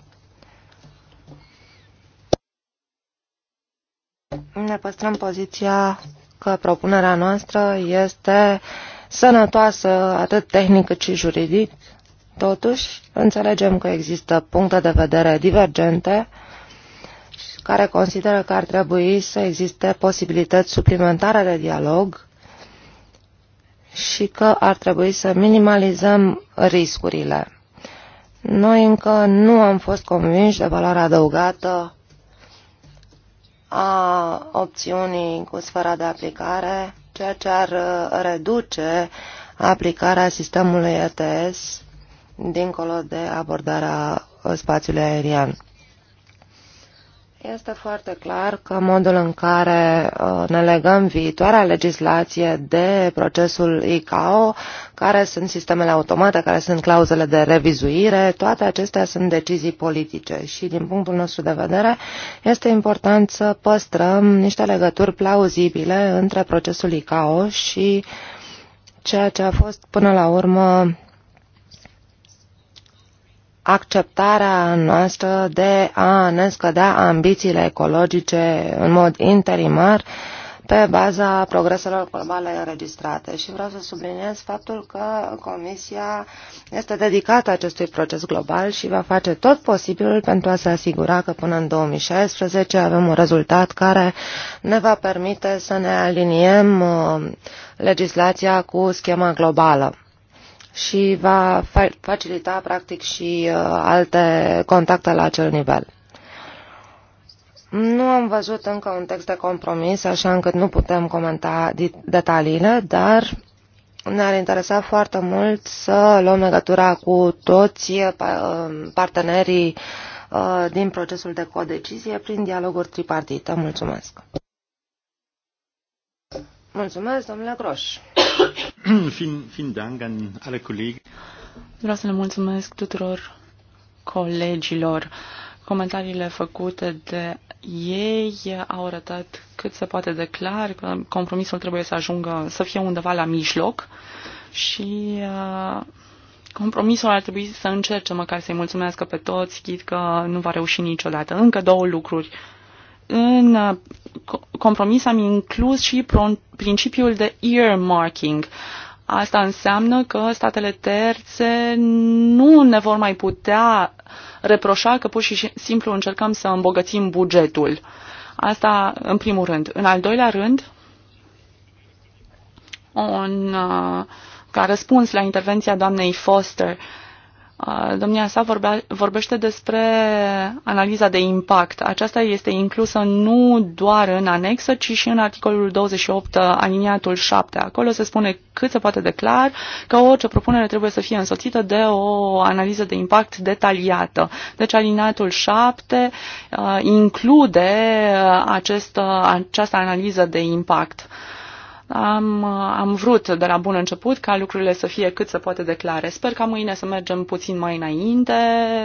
Ne păstrăm poziția că propunerea noastră este sănătoasă atât tehnic cât și juridic Totuși, înțelegem că există puncte de vedere divergente care consideră că ar trebui să existe posibilități suplimentare de dialog și că ar trebui să minimalizăm riscurile. Noi încă nu am fost convinși de valoarea adăugată a opțiunii cu sfera de aplicare, ceea ce ar reduce aplicarea sistemului ETS dincolo de abordarea spațiului aerian. Este foarte clar că modul în care uh, ne legăm viitoarea legislație de procesul ICAO, care sunt sistemele automate, care sunt clauzele de revizuire, toate acestea sunt decizii politice și din punctul nostru de vedere este important să păstrăm niște legături plauzibile între procesul ICAO și ceea ce a fost până la urmă acceptarea noastră de a ne scădea ambițiile ecologice în mod interimar pe baza progreselor globale înregistrate. Și vreau să subliniez faptul că Comisia este dedicată acestui proces global și va face tot posibilul pentru a se asigura că până în 2016 avem un rezultat care ne va permite să ne aliniem uh, legislația cu schema globală și va facilita practic și uh, alte contacte la acel nivel. Nu am văzut încă un text de compromis, așa încât nu putem comenta detaliile, dar ne-ar interesa foarte mult să luăm legătura cu toți uh, uh, partenerii din procesul de codecizie prin dialoguri tripartite. Mulțumesc! Mulțumesc, domnule Groș! Vreau să le mulțumesc tuturor colegilor. Comentariile făcute de ei au arătat cât se poate de clar că compromisul trebuie să ajungă, să fie undeva la mijloc și uh, compromisul ar trebui să încerce măcar să-i mulțumească pe toți, chit că nu va reuși niciodată. Încă două lucruri în uh, compromis am inclus și principiul de earmarking. Asta înseamnă că statele terțe nu ne vor mai putea reproșa că pur și simplu încercăm să îmbogățim bugetul. Asta în primul rând. În al doilea rând, un, uh, ca răspuns la intervenția doamnei Foster, uh, Domnia sa vorbea, vorbește despre analiza de impact. Aceasta este inclusă nu doar în anexă, ci și în articolul 28, aliniatul 7. Acolo se spune cât se poate declar că orice propunere trebuie să fie însoțită de o analiză de impact detaliată. Deci aliniatul 7 include acest, această analiză de impact. Uh, am, am vrut de la bun început ca lucrurile să fie cât se poate declare. Sper ca mâine să mergem puțin mai înainte.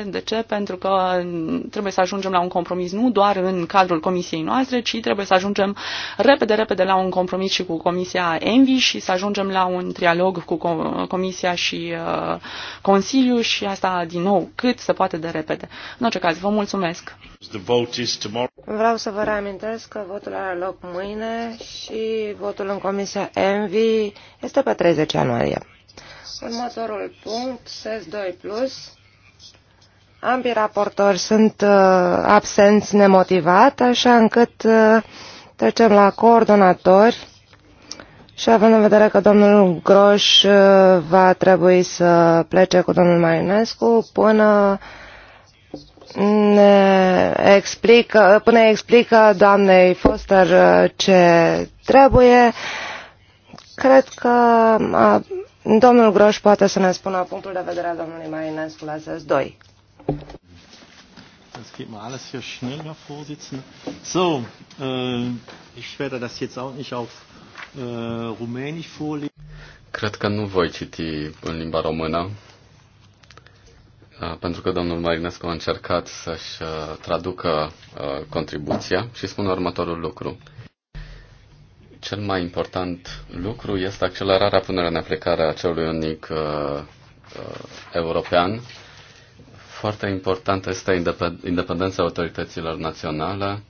De ce? Pentru că trebuie să ajungem la un compromis nu doar în cadrul comisiei noastre, ci trebuie să ajungem repede, repede la un compromis și cu comisia Envi și să ajungem la un trialog cu comisia și uh, Consiliu și asta din nou cât se poate de repede. În orice caz, vă mulțumesc. Vreau să vă reamintesc că votul are loc mâine și votul în comisie Comisia ENVI este pe 30 ianuarie. Următorul punct, SES 2+. Plus. Ambii raportori sunt uh, absenți nemotivat, așa încât uh, trecem la coordonatori și având în vedere că domnul Groș uh, va trebui să plece cu domnul Marinescu până ne explică, până explică doamnei Foster uh, ce trebuie. Cred că domnul Groș poate să ne spună punctul de vedere al domnului Marinescu la SS2. Das geht mal alles hier schnell, Herr Vorsitzender. So, äh, ich werde das jetzt auch nicht auf äh, Rumänisch vorlesen. Cred că nu voi citi în limba română, da, pentru că domnul Marinescu a încercat să-și uh, traducă uh, contribuția și spun următorul lucru cel mai important lucru este accelerarea punerea în aplicare a celui unic uh, uh, european. Foarte important este independența autorităților naționale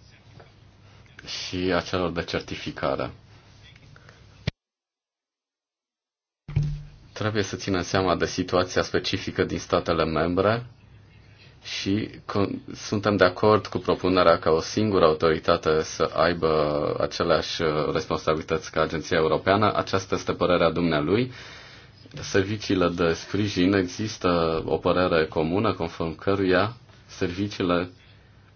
și a celor de certificare. Trebuie să ținem seama de situația specifică din statele membre și suntem de acord cu propunerea ca o singură autoritate să aibă aceleași uh, responsabilități ca Agenția Europeană. Aceasta este părerea dumnealui. Serviciile de sprijin există o părere comună conform căruia serviciile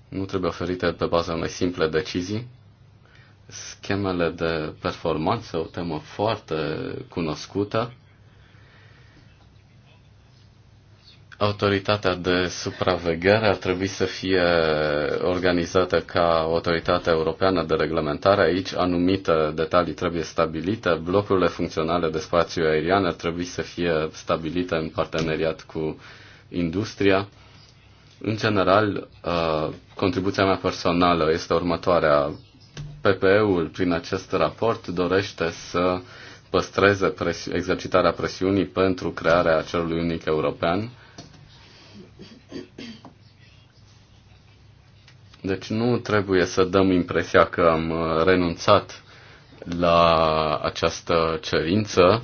nu trebuie oferite pe baza unei simple decizii. Schemele de performanță, o temă foarte cunoscută, Autoritatea de supraveghere ar trebui să fie organizată ca autoritatea europeană de reglementare. Aici anumite detalii trebuie stabilite. Blocurile funcționale de spațiu aerian ar trebui să fie stabilite în parteneriat cu industria. În general, uh, contribuția mea personală este următoarea. PPE-ul, prin acest raport, dorește să păstreze presi- exercitarea presiunii pentru crearea acelui unic european deci nu trebuie să dăm impresia că am uh, renunțat la această cerință.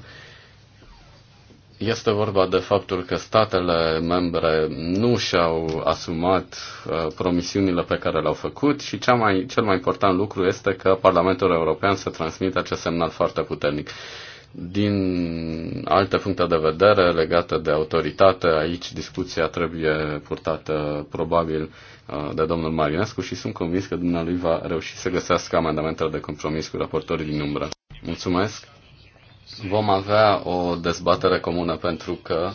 Este vorba de faptul că statele membre nu și-au asumat uh, promisiunile pe care le-au făcut și cea mai, cel mai important lucru este că Parlamentul European să transmită acest semnal foarte puternic. Uh, din alte puncte de vedere legate de autoritate, aici discuția trebuie purtată probabil uh, de domnul Marinescu și sunt convins că dumnealui va reuși să găsească amendamentele de compromis cu raportorii din umbră. Mulțumesc! Vom avea o dezbatere comună pentru că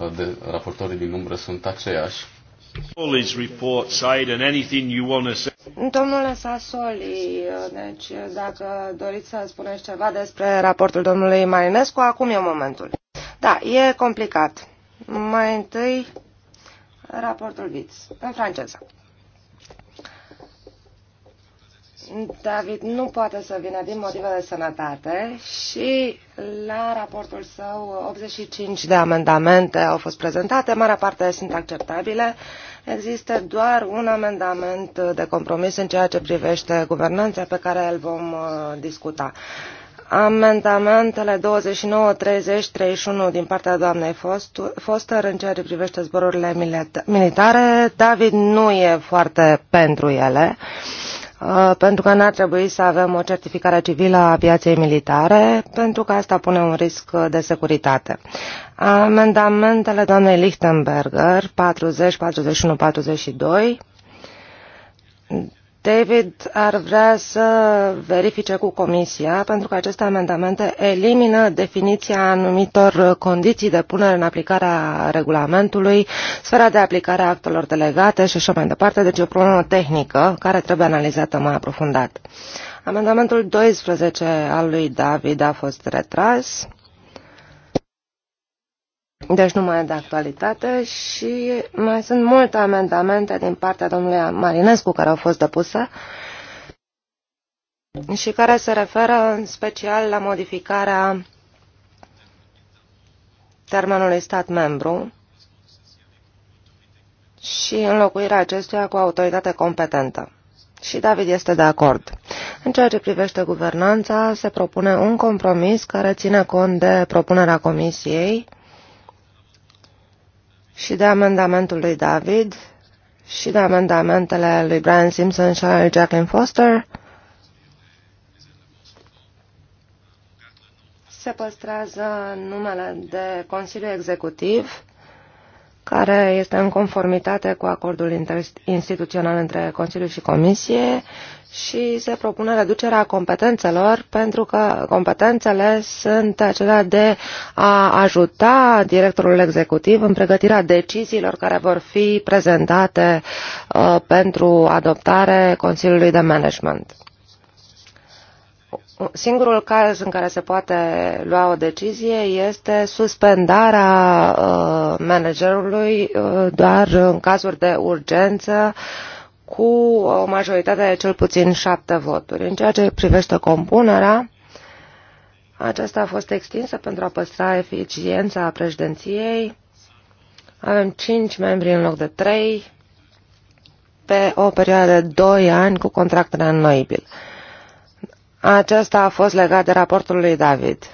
uh, de, raportorii din umbră sunt aceiași. All reports, anything you want to say. Domnule Sasoli, deci dacă doriți să spuneți ceva despre raportul domnului Marinescu, acum e momentul. Da, e complicat. Mai întâi, raportul Viț, în franceză. David nu poate să vină din motive de sănătate și la raportul său 85 de amendamente au fost prezentate, marea parte sunt acceptabile. Există doar un amendament de compromis în ceea ce privește guvernanța pe care îl vom uh, discuta. Amendamentele 29, 30, 31 din partea doamnei Foster în ceea ce privește zborurile militare. David nu e foarte pentru ele uh, pentru că n-ar trebui să avem o certificare civilă a aviației militare, pentru că asta pune un risc de securitate. Amendamentele doamnei Lichtenberger, 40, 41, 42. David ar vrea să verifice cu Comisia, pentru că aceste amendamente elimină definiția anumitor condiții de punere în aplicare a regulamentului, sfera de aplicare a actelor delegate și așa mai departe, deci e o problemă tehnică care trebuie analizată mai aprofundat. Amendamentul 12 al lui David a fost retras. Deci nu mai e de actualitate și mai sunt multe amendamente din partea domnului Marinescu care au fost depuse și care se referă în special la modificarea termenului stat membru și înlocuirea acestuia cu autoritate competentă. Și David este de acord. În ceea ce privește guvernanța, se propune un compromis care ține cont de propunerea Comisiei și de amendamentul lui David și de amendamentele lui Brian Simpson și al lui Jacqueline Foster se păstrează numele de Consiliu Executiv, care este în conformitate cu acordul instituțional între Consiliu și Comisie și se propune reducerea competențelor pentru că competențele sunt acelea de a ajuta directorul executiv în pregătirea deciziilor care vor fi prezentate uh, pentru adoptare Consiliului de Management. Singurul caz în care se poate lua o decizie este suspendarea uh, managerului uh, doar în cazuri de urgență uh, cu o majoritate de cel puțin șapte voturi. În ceea ce privește compunerea, aceasta a fost extinsă pentru a păstra eficiența a președinției. Avem cinci membri în loc de trei pe o perioadă de doi ani cu contract reînnoibil. Aceasta a fost legat de raportul lui David.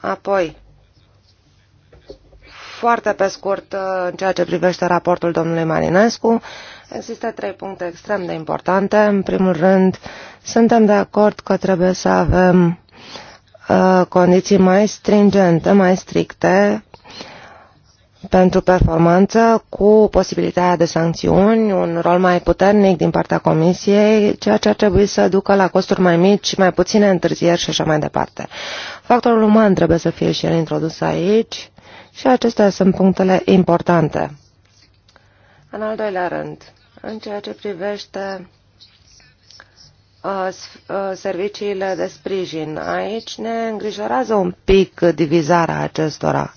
Apoi, foarte pe scurt, în ceea ce privește raportul domnului Marinescu, Există trei puncte extrem de importante. În primul rând, suntem de acord că trebuie să avem uh, condiții mai stringente, mai stricte pentru performanță, cu posibilitatea de sancțiuni, un rol mai puternic din partea Comisiei, ceea ce ar trebui să ducă la costuri mai mici, mai puține întârzieri și așa mai departe. Factorul uman trebuie să fie și el introdus aici și acestea sunt punctele importante. În al doilea rând, în ceea ce privește uh, uh, serviciile de sprijin, aici ne îngrijorează un pic divizarea acestora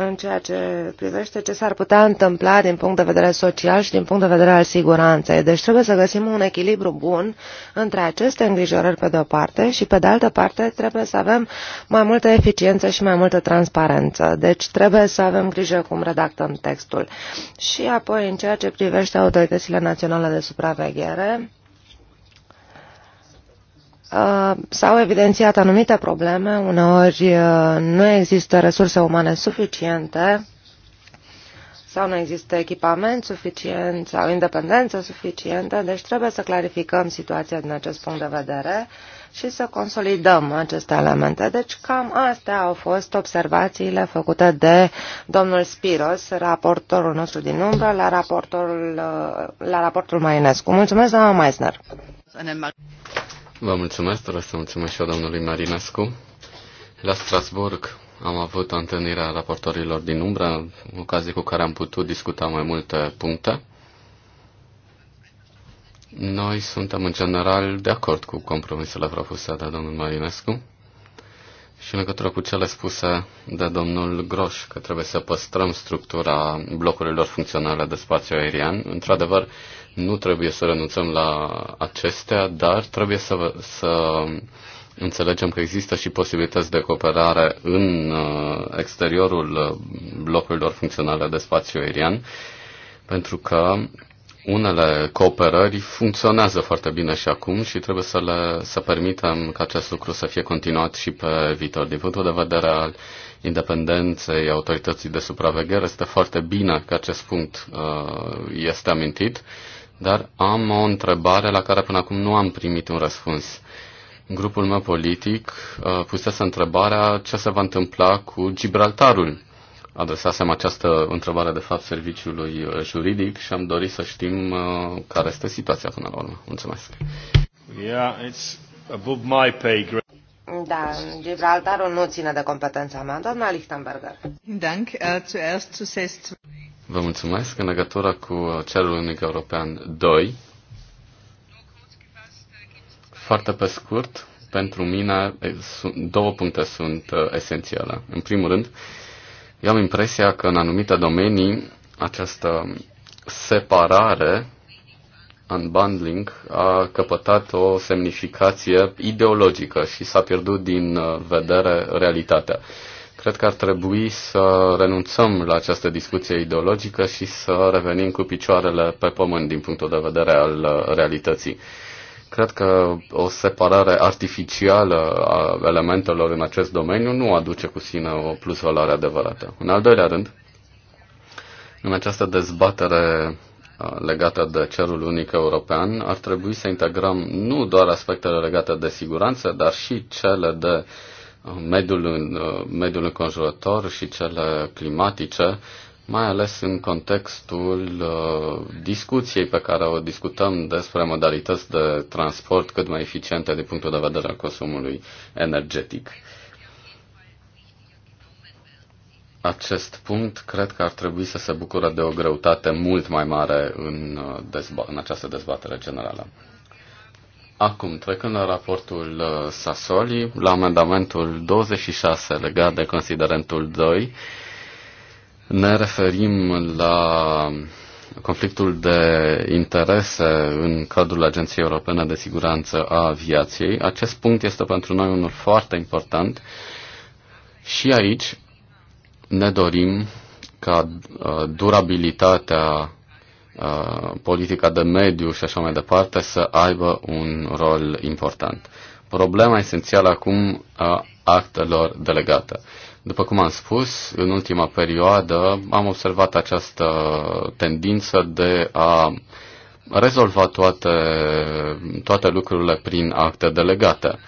în ceea ce privește ce s-ar putea întâmpla din punct de vedere social și din punct de vedere al siguranței. Deci trebuie să găsim un echilibru bun între aceste îngrijorări pe de-o parte și pe de altă parte trebuie să avem mai multă eficiență și mai multă transparență. Deci trebuie să avem grijă cum redactăm textul. Și apoi în ceea ce privește autoritățile naționale de supraveghere, Uh, s-au evidențiat anumite probleme, uneori uh, nu există resurse umane suficiente sau nu există echipament suficient sau independență suficientă, deci trebuie să clarificăm situația din acest punct de vedere și să consolidăm aceste elemente. Deci cam astea au fost observațiile făcute de domnul Spiros, raportorul nostru din umbră, la, raportorul, uh, la raportul Mainescu. Mulțumesc, doamna Meisner! Vă mulțumesc, doresc să mulțumesc și eu domnului Marinescu. La Strasburg am avut întâlnirea raportorilor din umbră, ocazie cu care am putut discuta mai multe puncte. Noi suntem în general de acord cu compromisele propuse de domnul Marinescu și în legătură cu cele spuse de domnul Groș, că trebuie să păstrăm structura blocurilor funcționale de spațiu aerian. Într-adevăr, nu trebuie să renunțăm la acestea, dar trebuie să, să înțelegem că există și posibilități de cooperare în uh, exteriorul uh, blocurilor funcționale de spațiu aerian, pentru că unele cooperări funcționează foarte bine și acum și trebuie să, le, să permitem ca acest lucru să fie continuat și pe viitor. Din punctul de vedere al independenței autorității de supraveghere, este foarte bine că acest punct uh, este amintit. Uh, dar am o întrebare la care până acum nu am primit un răspuns. Grupul meu politic uh, pusese întrebarea ce se va întâmpla cu Gibraltarul. Adresasem această întrebare, de fapt, serviciului uh, juridic și am dorit să știm uh, care este situația până la urmă. Mulțumesc. Yeah, it's above my pay grade. Da, Gibraltarul nu ține de competența mea. Doamna Lichtenberger. Dank, äh, zuerst zu Vă mulțumesc. În legătură cu uh, Cerul Unic European 2, foarte pe scurt, pentru mine eh, două puncte sunt uh, esențiale. În primul rând, eu am impresia că în anumite domenii această separare unbundling a căpătat o semnificație ideologică și s-a pierdut din uh, vedere realitatea. Cred că ar trebui să renunțăm la această discuție ideologică și să revenim cu picioarele pe pământ din punctul de vedere al uh, realității. Cred că o separare artificială a elementelor în acest domeniu nu aduce cu sine o plusvaloare adevărată. În al doilea rând, în această dezbatere legată de cerul unic european, ar trebui să integrăm nu doar aspectele legate de siguranță, dar și cele de uh, mediul, uh, mediul înconjurător și cele climatice, mai ales în contextul uh, discuției pe care o discutăm despre modalități de transport cât mai eficiente din punctul de vedere al consumului energetic. acest punct cred că ar trebui să se bucură de o greutate mult mai mare în, uh, dezba- în această dezbatere generală. Acum, trecând la raportul uh, Sasoli, la amendamentul 26 legat de considerentul 2, ne referim la conflictul de interese în cadrul Agenției Europene de Siguranță a Aviației. Acest punct este pentru noi unul foarte important și aici ne dorim ca uh, durabilitatea, uh, politica de mediu și așa mai departe să aibă un rol important. Problema esențială acum a actelor delegate. După cum am spus, în ultima perioadă am observat această tendință de a rezolva toate, toate lucrurile prin acte delegate.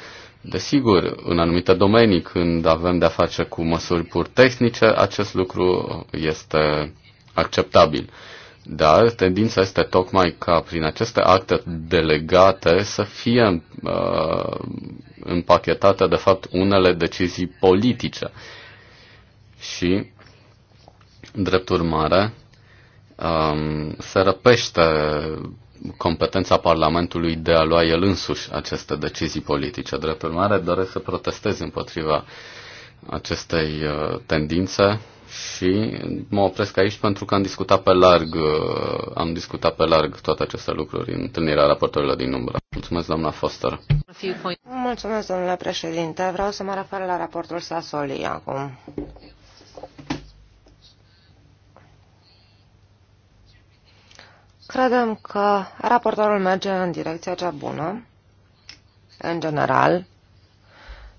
Desigur, în anumite domenii, când avem de-a face cu măsuri pur tehnice, acest lucru este acceptabil. Dar tendința este tocmai ca prin aceste acte delegate să fie uh, împachetate, de fapt, unele decizii politice. Și, drept urmare, um, se răpește competența Parlamentului de a lua el însuși aceste decizii politice. Drept urmare, doresc să protestez împotriva acestei uh, tendințe și mă opresc aici pentru că am discutat pe larg, uh, am discutat pe larg toate aceste lucruri în întâlnirea raportorilor din umbră. Mulțumesc, doamna Foster. Mulțumesc, domnule președinte. Vreau să mă refer la raportul Sasoli acum. Credem că raportorul merge în direcția cea bună, în general,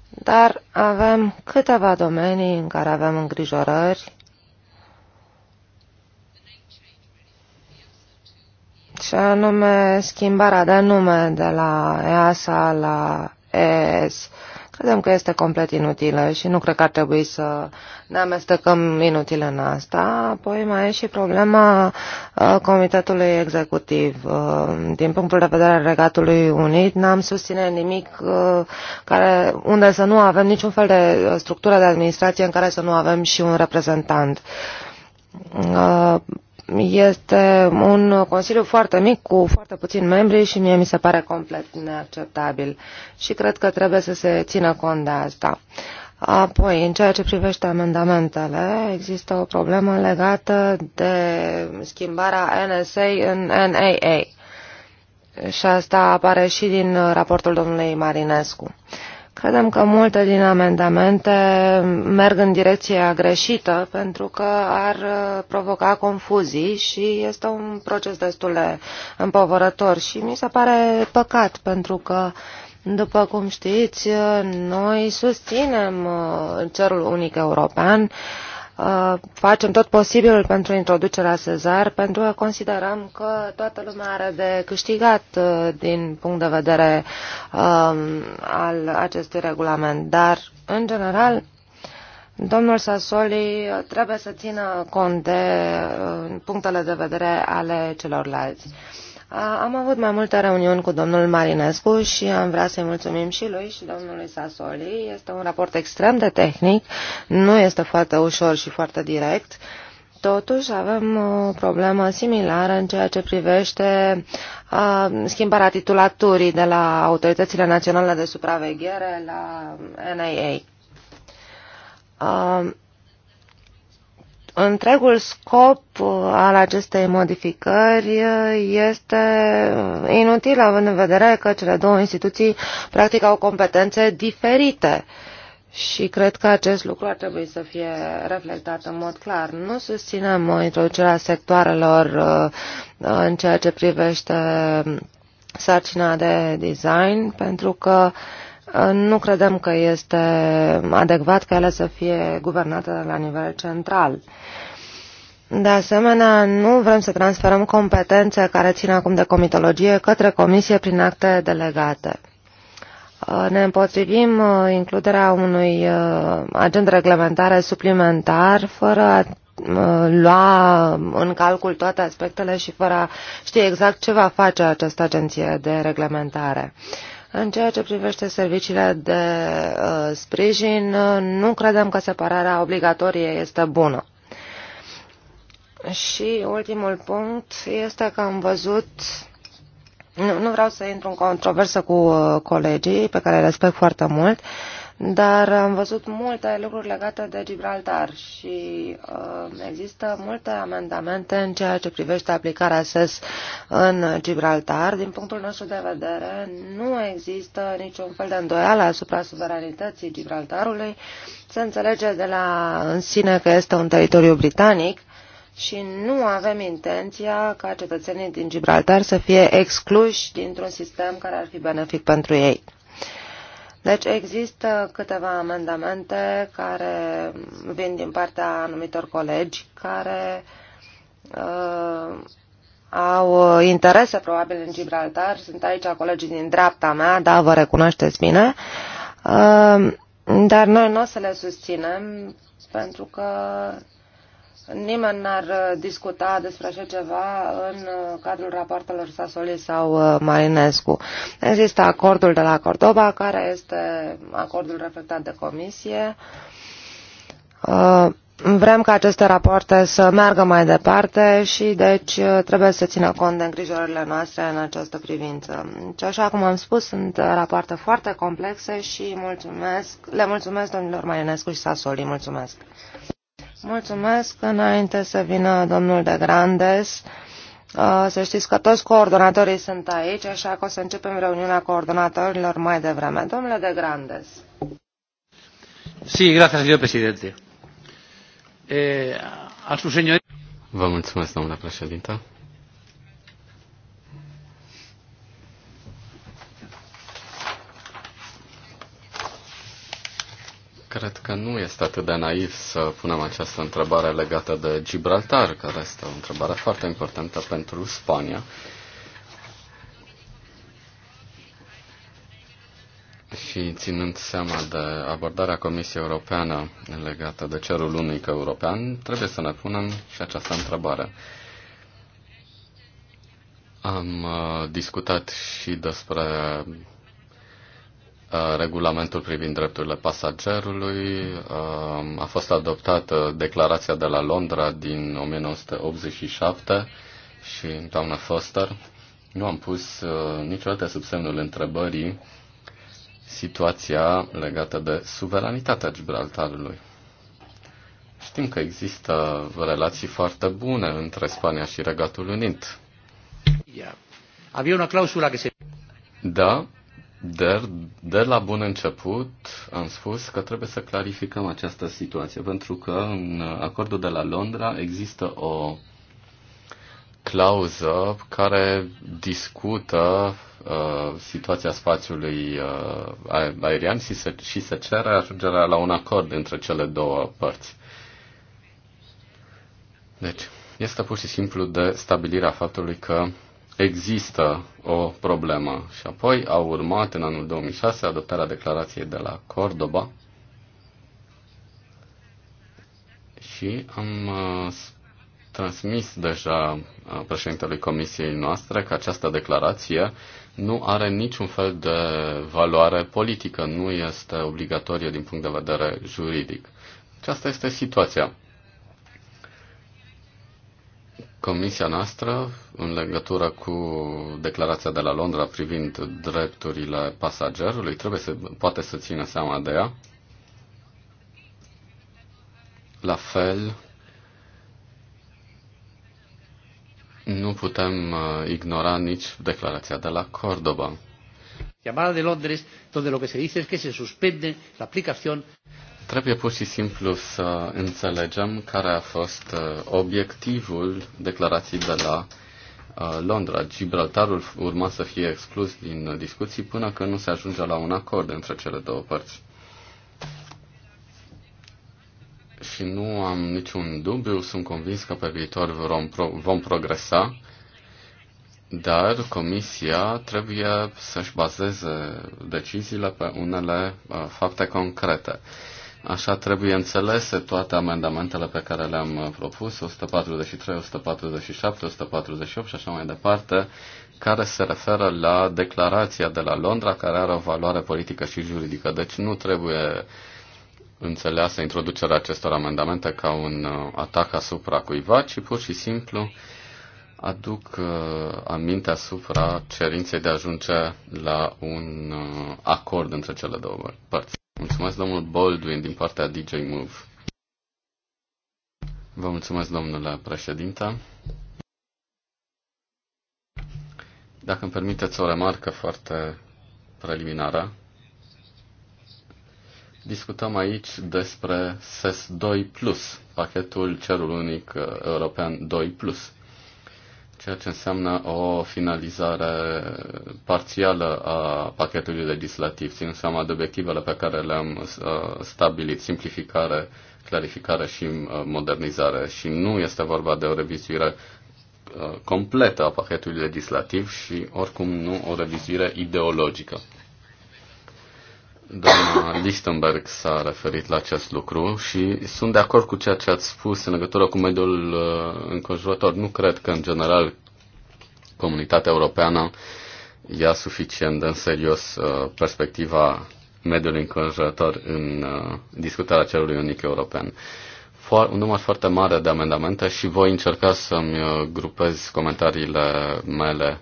dar avem câteva domenii în care avem îngrijorări și anume schimbarea de nume de la EASA la ES. Credem că este complet inutilă și nu cred că ar trebui să ne amestecăm inutil în asta. Apoi mai e și problema uh, Comitetului Executiv. Uh, din punctul de vedere al Regatului Unit, n-am susține nimic uh, care, unde să nu avem niciun fel de structură de administrație în care să nu avem și un reprezentant este un consiliu foarte mic cu foarte puțini membri și mie mi se pare complet neacceptabil și cred că trebuie să se țină cont de asta. Apoi, în ceea ce privește amendamentele, există o problemă legată de schimbarea NSA în NAA. Și asta apare și din raportul domnului Marinescu. Uh, Credem că multe din amendamente merg în direcția greșită pentru că ar uh, provoca confuzii și este un proces destul de împovărător și mi se pare păcat pentru că după cum știți, uh, noi susținem uh, cerul unic european Uh, facem tot posibilul pentru introducerea Sezar, pentru că considerăm că toată lumea are de câștigat uh, din punct de vedere um, al acestui regulament. Dar, în general, Domnul Sassoli trebuie să țină cont de uh, punctele de vedere ale celorlalți. Am avut mai multe reuniuni cu domnul Marinescu și am vrea să-i mulțumim și lui și domnului Sasoli. Este un raport extrem de tehnic, nu este foarte ușor și foarte direct. Totuși avem o problemă similară în ceea ce privește uh, schimbarea titulaturii de la autoritățile naționale de supraveghere la NIA. Uh, întregul scop uh, al acestei modificări uh, este inutil, având în vedere că cele două instituții practic au competențe diferite. Și cred că acest lucru ar trebui să fie reflectat în mod clar. Nu susținem introducerea sectoarelor uh, în ceea ce privește sarcina de design, pentru că nu credem că este adecvat ca ele să fie guvernate la nivel central. De asemenea, nu vrem să transferăm competențe care țin acum de comitologie către comisie prin acte delegate. Ne împotrivim uh, includerea unui uh, agent reglementare suplimentar fără a uh, lua în calcul toate aspectele și fără a ști exact ce va face această agenție de reglementare. Uh, în ceea ce privește serviciile de uh, sprijin, nu credem că separarea obligatorie este bună. Și ultimul punct este că am văzut nu, nu vreau să intru în controversă cu uh, colegii, pe care îi respect foarte mult, dar am văzut multe lucruri legate de Gibraltar și uh, există multe amendamente în ceea ce privește aplicarea SES în Gibraltar. Din punctul nostru de vedere, nu există niciun fel de îndoială asupra suveranității Gibraltarului. Se înțelege de la în sine că este un teritoriu britanic și nu avem intenția ca cetățenii din Gibraltar să fie excluși dintr-un sistem care ar fi benefic pentru ei. Deci există câteva amendamente care vin din partea anumitor colegi care uh, au interese probabil în Gibraltar. Sunt aici colegii din dreapta mea, da, vă recunoașteți bine. Uh, dar noi nu o să le susținem pentru că Nimeni n-ar uh, discuta despre așa ceva în uh, cadrul rapoartelor Sasoli sau uh, Marinescu. Există acordul de la Cordoba, care este acordul reflectat de comisie. Vrem ca aceste rapoarte să meargă mai departe și deci trebuie să țină cont de îngrijorările noastre în această privință. Și deci, așa cum am spus, sunt rapoarte foarte complexe și mulțumesc, le mulțumesc domnilor Marinescu și Sasoli. Mulțumesc! Mulțumesc. Înainte să vină domnul de Grandes, uh, să știți că toți coordonatorii sunt aici, așa că o să începem reuniunea coordonatorilor mai devreme. Domnule de Grandes. Sí, gracias, señor presidente. Eh, a su señor... Vă mulțumesc, domnule președinte. Cred că nu este atât de naiv să punem această întrebare legată de Gibraltar, care este o întrebare foarte importantă pentru Spania. Și ținând seama de abordarea Comisiei Europeană legată de cerul unic european, trebuie să ne punem și această întrebare. Am uh, discutat și despre Uh, regulamentul privind drepturile pasagerului, um, a fost adoptată declarația de la Londra din 1987 și doamna Foster. Nu am pus uh, niciodată sub semnul întrebării situația legată de suveranitatea Gibraltarului. Știm că există relații foarte bune între Spania și Regatul Unit. Da, dar de la bun început am spus că trebuie să clarificăm această situație, pentru că în acordul de la Londra există o clauză care discută uh, situația spațiului uh, aerian și se, și se cere ajungerea la un acord între cele două părți. Deci, este pur și simplu de stabilirea faptului că există o problemă. Și apoi a urmat în anul 2006 adoptarea declarației de la Cordoba și am uh, transmis deja uh, președintelui comisiei noastre că această declarație nu are niciun fel de valoare politică, nu este obligatorie din punct de vedere juridic. Aceasta este situația. Comisia noastră, în legătură cu declarația de la Londra privind drepturile pasagerului, trebuie să poate să țină seama de ea. La fel, nu putem uh, ignora nici declarația de la Cordoba. Llamada de Londres, donde lo que se dice es que se suspende la aplicación Trebuie pur și simplu să înțelegem care a fost uh, obiectivul declarației de la uh, Londra. Gibraltarul urma să fie exclus din discuții până când nu se ajunge la un acord între cele două părți. Și nu am niciun dubiu, sunt convins că pe viitor vom, pro- vom progresa, dar Comisia trebuie să-și bazeze deciziile pe unele uh, fapte concrete. Uh, Așa trebuie înțelese toate amendamentele pe care le-am uh, propus, 143, 147, 148 și așa mai departe, care se referă la declarația de la Londra, care are o valoare politică și juridică. Deci nu trebuie înțeleasă introducerea acestor amendamente ca un uh, atac asupra cuiva, ci pur și simplu aduc uh, aminte asupra cerinței de a ajunge la un acord între cele două părți. Mulțumesc, domnul Baldwin, din partea DJ Move. Vă mulțumesc, domnule președinte. Dacă îmi permiteți o remarcă foarte preliminară, discutăm aici despre SES 2+, pachetul Cerul Unic uh, European 2+ ceea ce înseamnă o finalizare parțială a pachetului legislativ, ținând seama de obiectivele pe care le-am uh, stabilit, simplificare, clarificare și uh, modernizare. Și nu este vorba de o revizuire uh, completă a pachetului legislativ și oricum nu o revizuire ideologică. Doamna Lichtenberg s-a referit la acest lucru și sunt de acord cu ceea ce ați spus în legătură cu mediul uh, înconjurător. Nu cred că, în general, comunitatea europeană ia suficient de în serios uh, perspectiva mediului înconjurător în uh, discutarea cerului unic european. Un număr foarte mare de amendamente și voi încerca să-mi grupez comentariile mele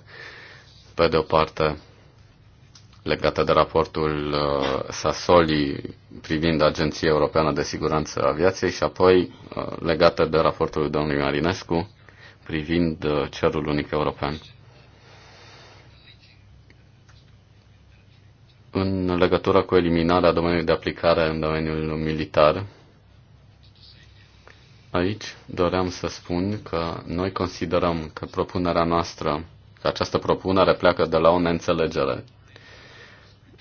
pe de o parte legate de raportul uh, Sassoli privind Agenția Europeană de Siguranță Aviației și apoi uh, legate de raportul domnului Marinescu privind uh, cerul unic european. În legătură cu eliminarea domeniului de aplicare în domeniul militar, aici doream să spun că noi considerăm că propunerea noastră, că această propunere pleacă de la o neînțelegere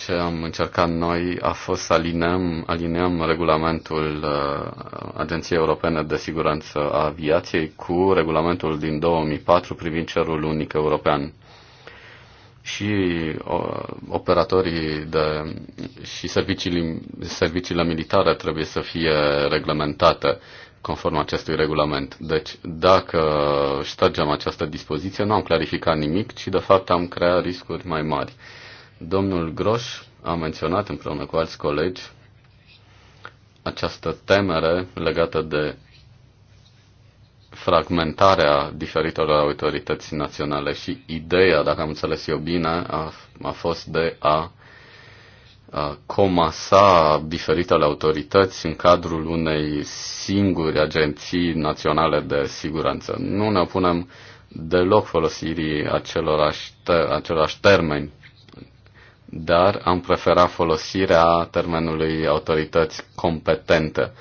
ce am încercat noi a fost să alineăm, alineăm regulamentul uh, Agenției Europene de Siguranță a Aviației cu regulamentul din 2004 privind cerul unic european. Și operatorii de, și serviciile, serviciile militare trebuie să fie reglementate conform acestui regulament. Deci, dacă ștergem această dispoziție, nu am clarificat nimic, ci de fapt am creat riscuri mai mari. Domnul Groș a menționat împreună cu alți colegi această temere legată de fragmentarea diferitelor autorități naționale și ideea, dacă am înțeles eu bine, a, a fost de a, a comasa diferitele autorități în cadrul unei singuri agenții naționale de siguranță. Nu ne opunem deloc folosirii acelorași, te, acelorași termeni dar am preferat folosirea termenului autorități competente,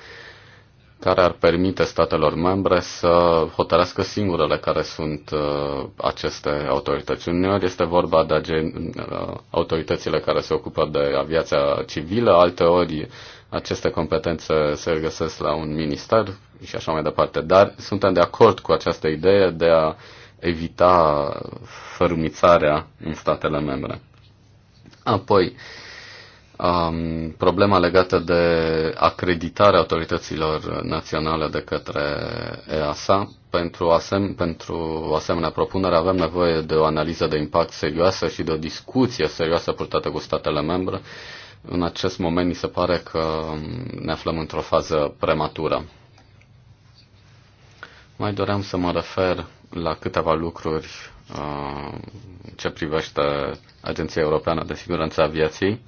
care ar permite statelor membre să hotărească singurele care sunt uh, aceste autorități. Uneori este vorba de uh, autoritățile care se ocupă de aviația civilă, alteori aceste competențe se găsesc la un minister și așa mai departe. Dar suntem de acord cu această idee de a evita fărâmițarea în statele membre. Apoi, um, problema legată de acreditarea autorităților naționale de către EASA. Pentru, asem- pentru asemenea propunere avem nevoie de o analiză de impact serioasă și de o discuție serioasă purtată cu statele membre. În acest moment mi se pare că ne aflăm într-o fază prematură. Mai doream să mă refer la câteva lucruri ce privește Agenția Europeană de Siguranță Aviației.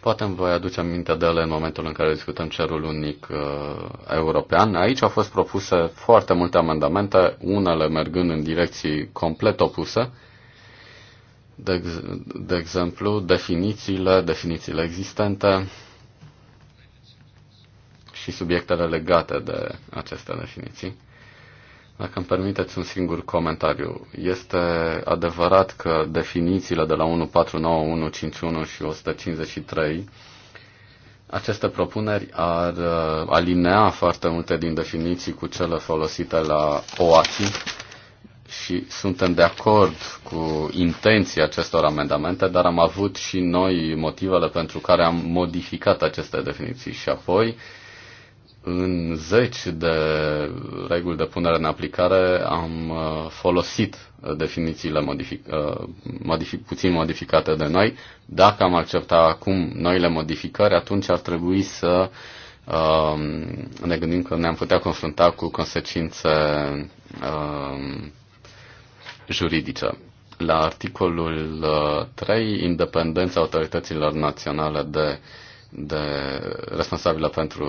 Poate îmi voi aduce aminte de ele în momentul în care discutăm cerul unic uh, european. Aici au fost propuse foarte multe amendamente, unele mergând în direcții complet opuse. De, ex- de exemplu, definițiile, definițiile existente și subiectele legate de aceste definiții. Dacă îmi permiteți un singur comentariu, este adevărat că definițiile de la 149, 151 și 153 aceste propuneri ar uh, alinea foarte multe din definiții cu cele folosite la OACI și suntem de acord cu intenția acestor amendamente, dar am avut și noi motivele pentru care am modificat aceste definiții și apoi în zeci de reguli de punere în aplicare am uh, folosit uh, definițiile modific, uh, modific, puțin modificate de noi. Dacă am accepta acum noile modificări, atunci ar trebui să um, ne gândim că ne-am putea confrunta cu consecințe um, juridice. La articolul 3, independența autorităților naționale de uh, de responsabilă pentru,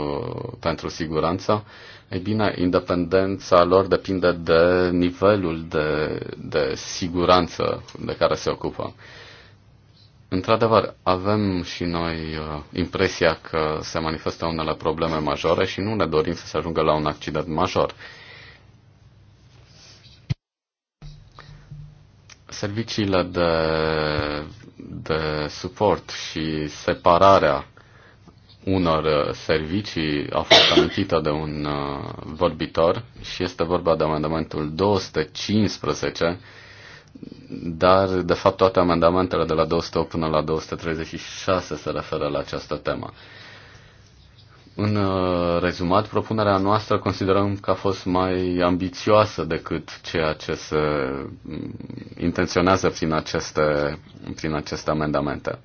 pentru siguranță, ei bine, independența lor depinde de nivelul de, de siguranță de care se ocupă. Într-adevăr, avem și noi uh, impresia că se manifestă unele probleme majore și nu ne dorim să se ajungă la un accident major. Serviciile de, de suport și separarea unor uh, servicii a fost amintită de un uh, vorbitor și este vorba de amendamentul 215, dar de fapt toate amendamentele de la 208 până la 236 se referă la această temă. În uh, rezumat, propunerea noastră considerăm că a fost mai ambițioasă decât ceea ce se intenționează prin aceste, prin aceste amendamente.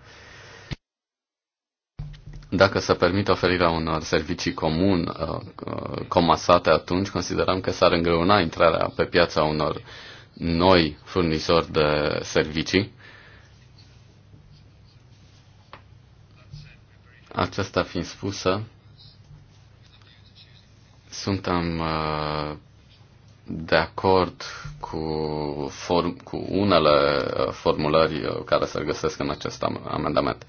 Dacă se permite oferirea unor servicii comun uh, uh, comasate atunci, considerăm că s-ar îngreuna intrarea pe piața unor noi furnizori de servicii. Acesta fiind spusă, suntem uh, de acord cu, form, cu unele formulări care se găsesc în acest amendament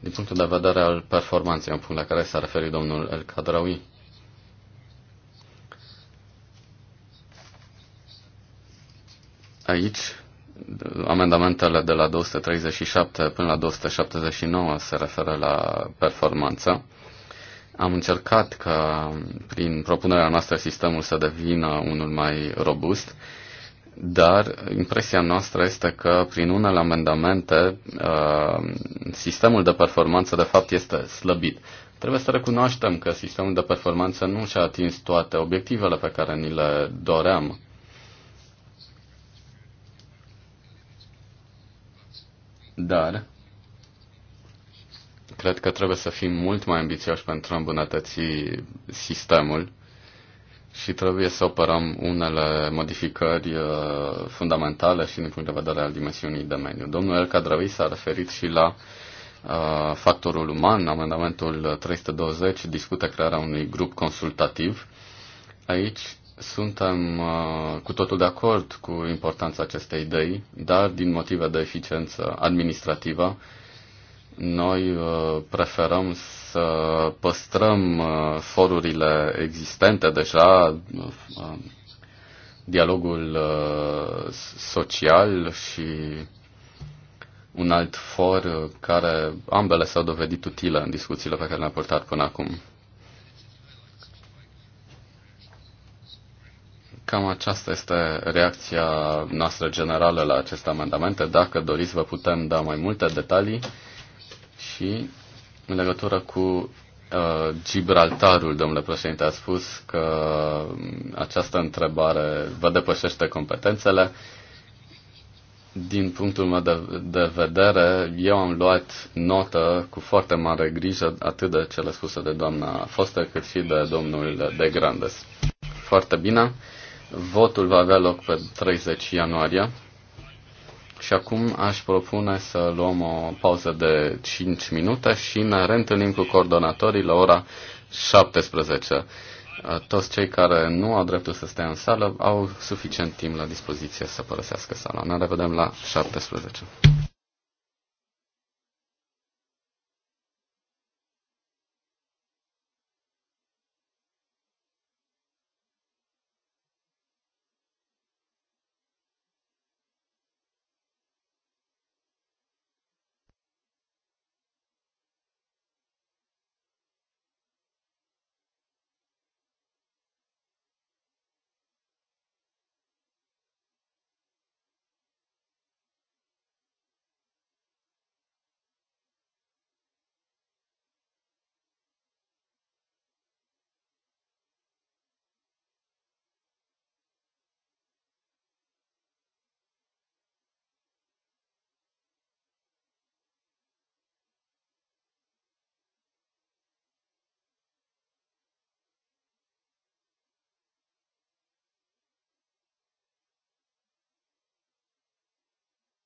din punctul de vedere al performanței, un punct la care s-a referit domnul El Cadraui. Aici, amendamentele de la 237 până la 279 se referă la performanță. Am încercat ca prin propunerea noastră sistemul să devină unul mai robust dar impresia noastră este că prin unele amendamente uh, sistemul de performanță de fapt este slăbit. Trebuie să recunoaștem că sistemul de performanță nu și-a atins toate obiectivele pe care ni le doream. Dar cred că trebuie să fim mult mai ambițioși pentru a îmbunătăți sistemul și trebuie să operăm unele modificări uh, fundamentale și din punct de vedere al dimensiunii de mediu. Domnul El Drăvi s-a referit și la uh, factorul uman. Amendamentul 320 discută crearea unui grup consultativ. Aici suntem uh, cu totul de acord cu importanța acestei idei, dar din motive de eficiență administrativă noi uh, preferăm să păstrăm uh, forurile existente deja, uh, dialogul social și un alt for care ambele s-au dovedit utile în discuțiile pe care le-am purtat până acum. Cam aceasta este reacția noastră generală la aceste amendamente. Dacă doriți, vă putem da mai multe detalii. Și în legătură cu uh, Gibraltarul, domnule președinte, a spus că mm, această întrebare vă depășește competențele. Din punctul meu de, de vedere, eu am luat notă cu foarte mare grijă atât de cele spuse de doamna Foster cât și de domnul De Grandes. Foarte bine. Votul va avea loc pe 30 ianuarie și acum aș propune să luăm o pauză de 5 minute și ne reîntâlnim cu coordonatorii la ora 17. Toți cei care nu au dreptul să stea în sală au suficient timp la dispoziție să părăsească sala. Ne revedem la 17.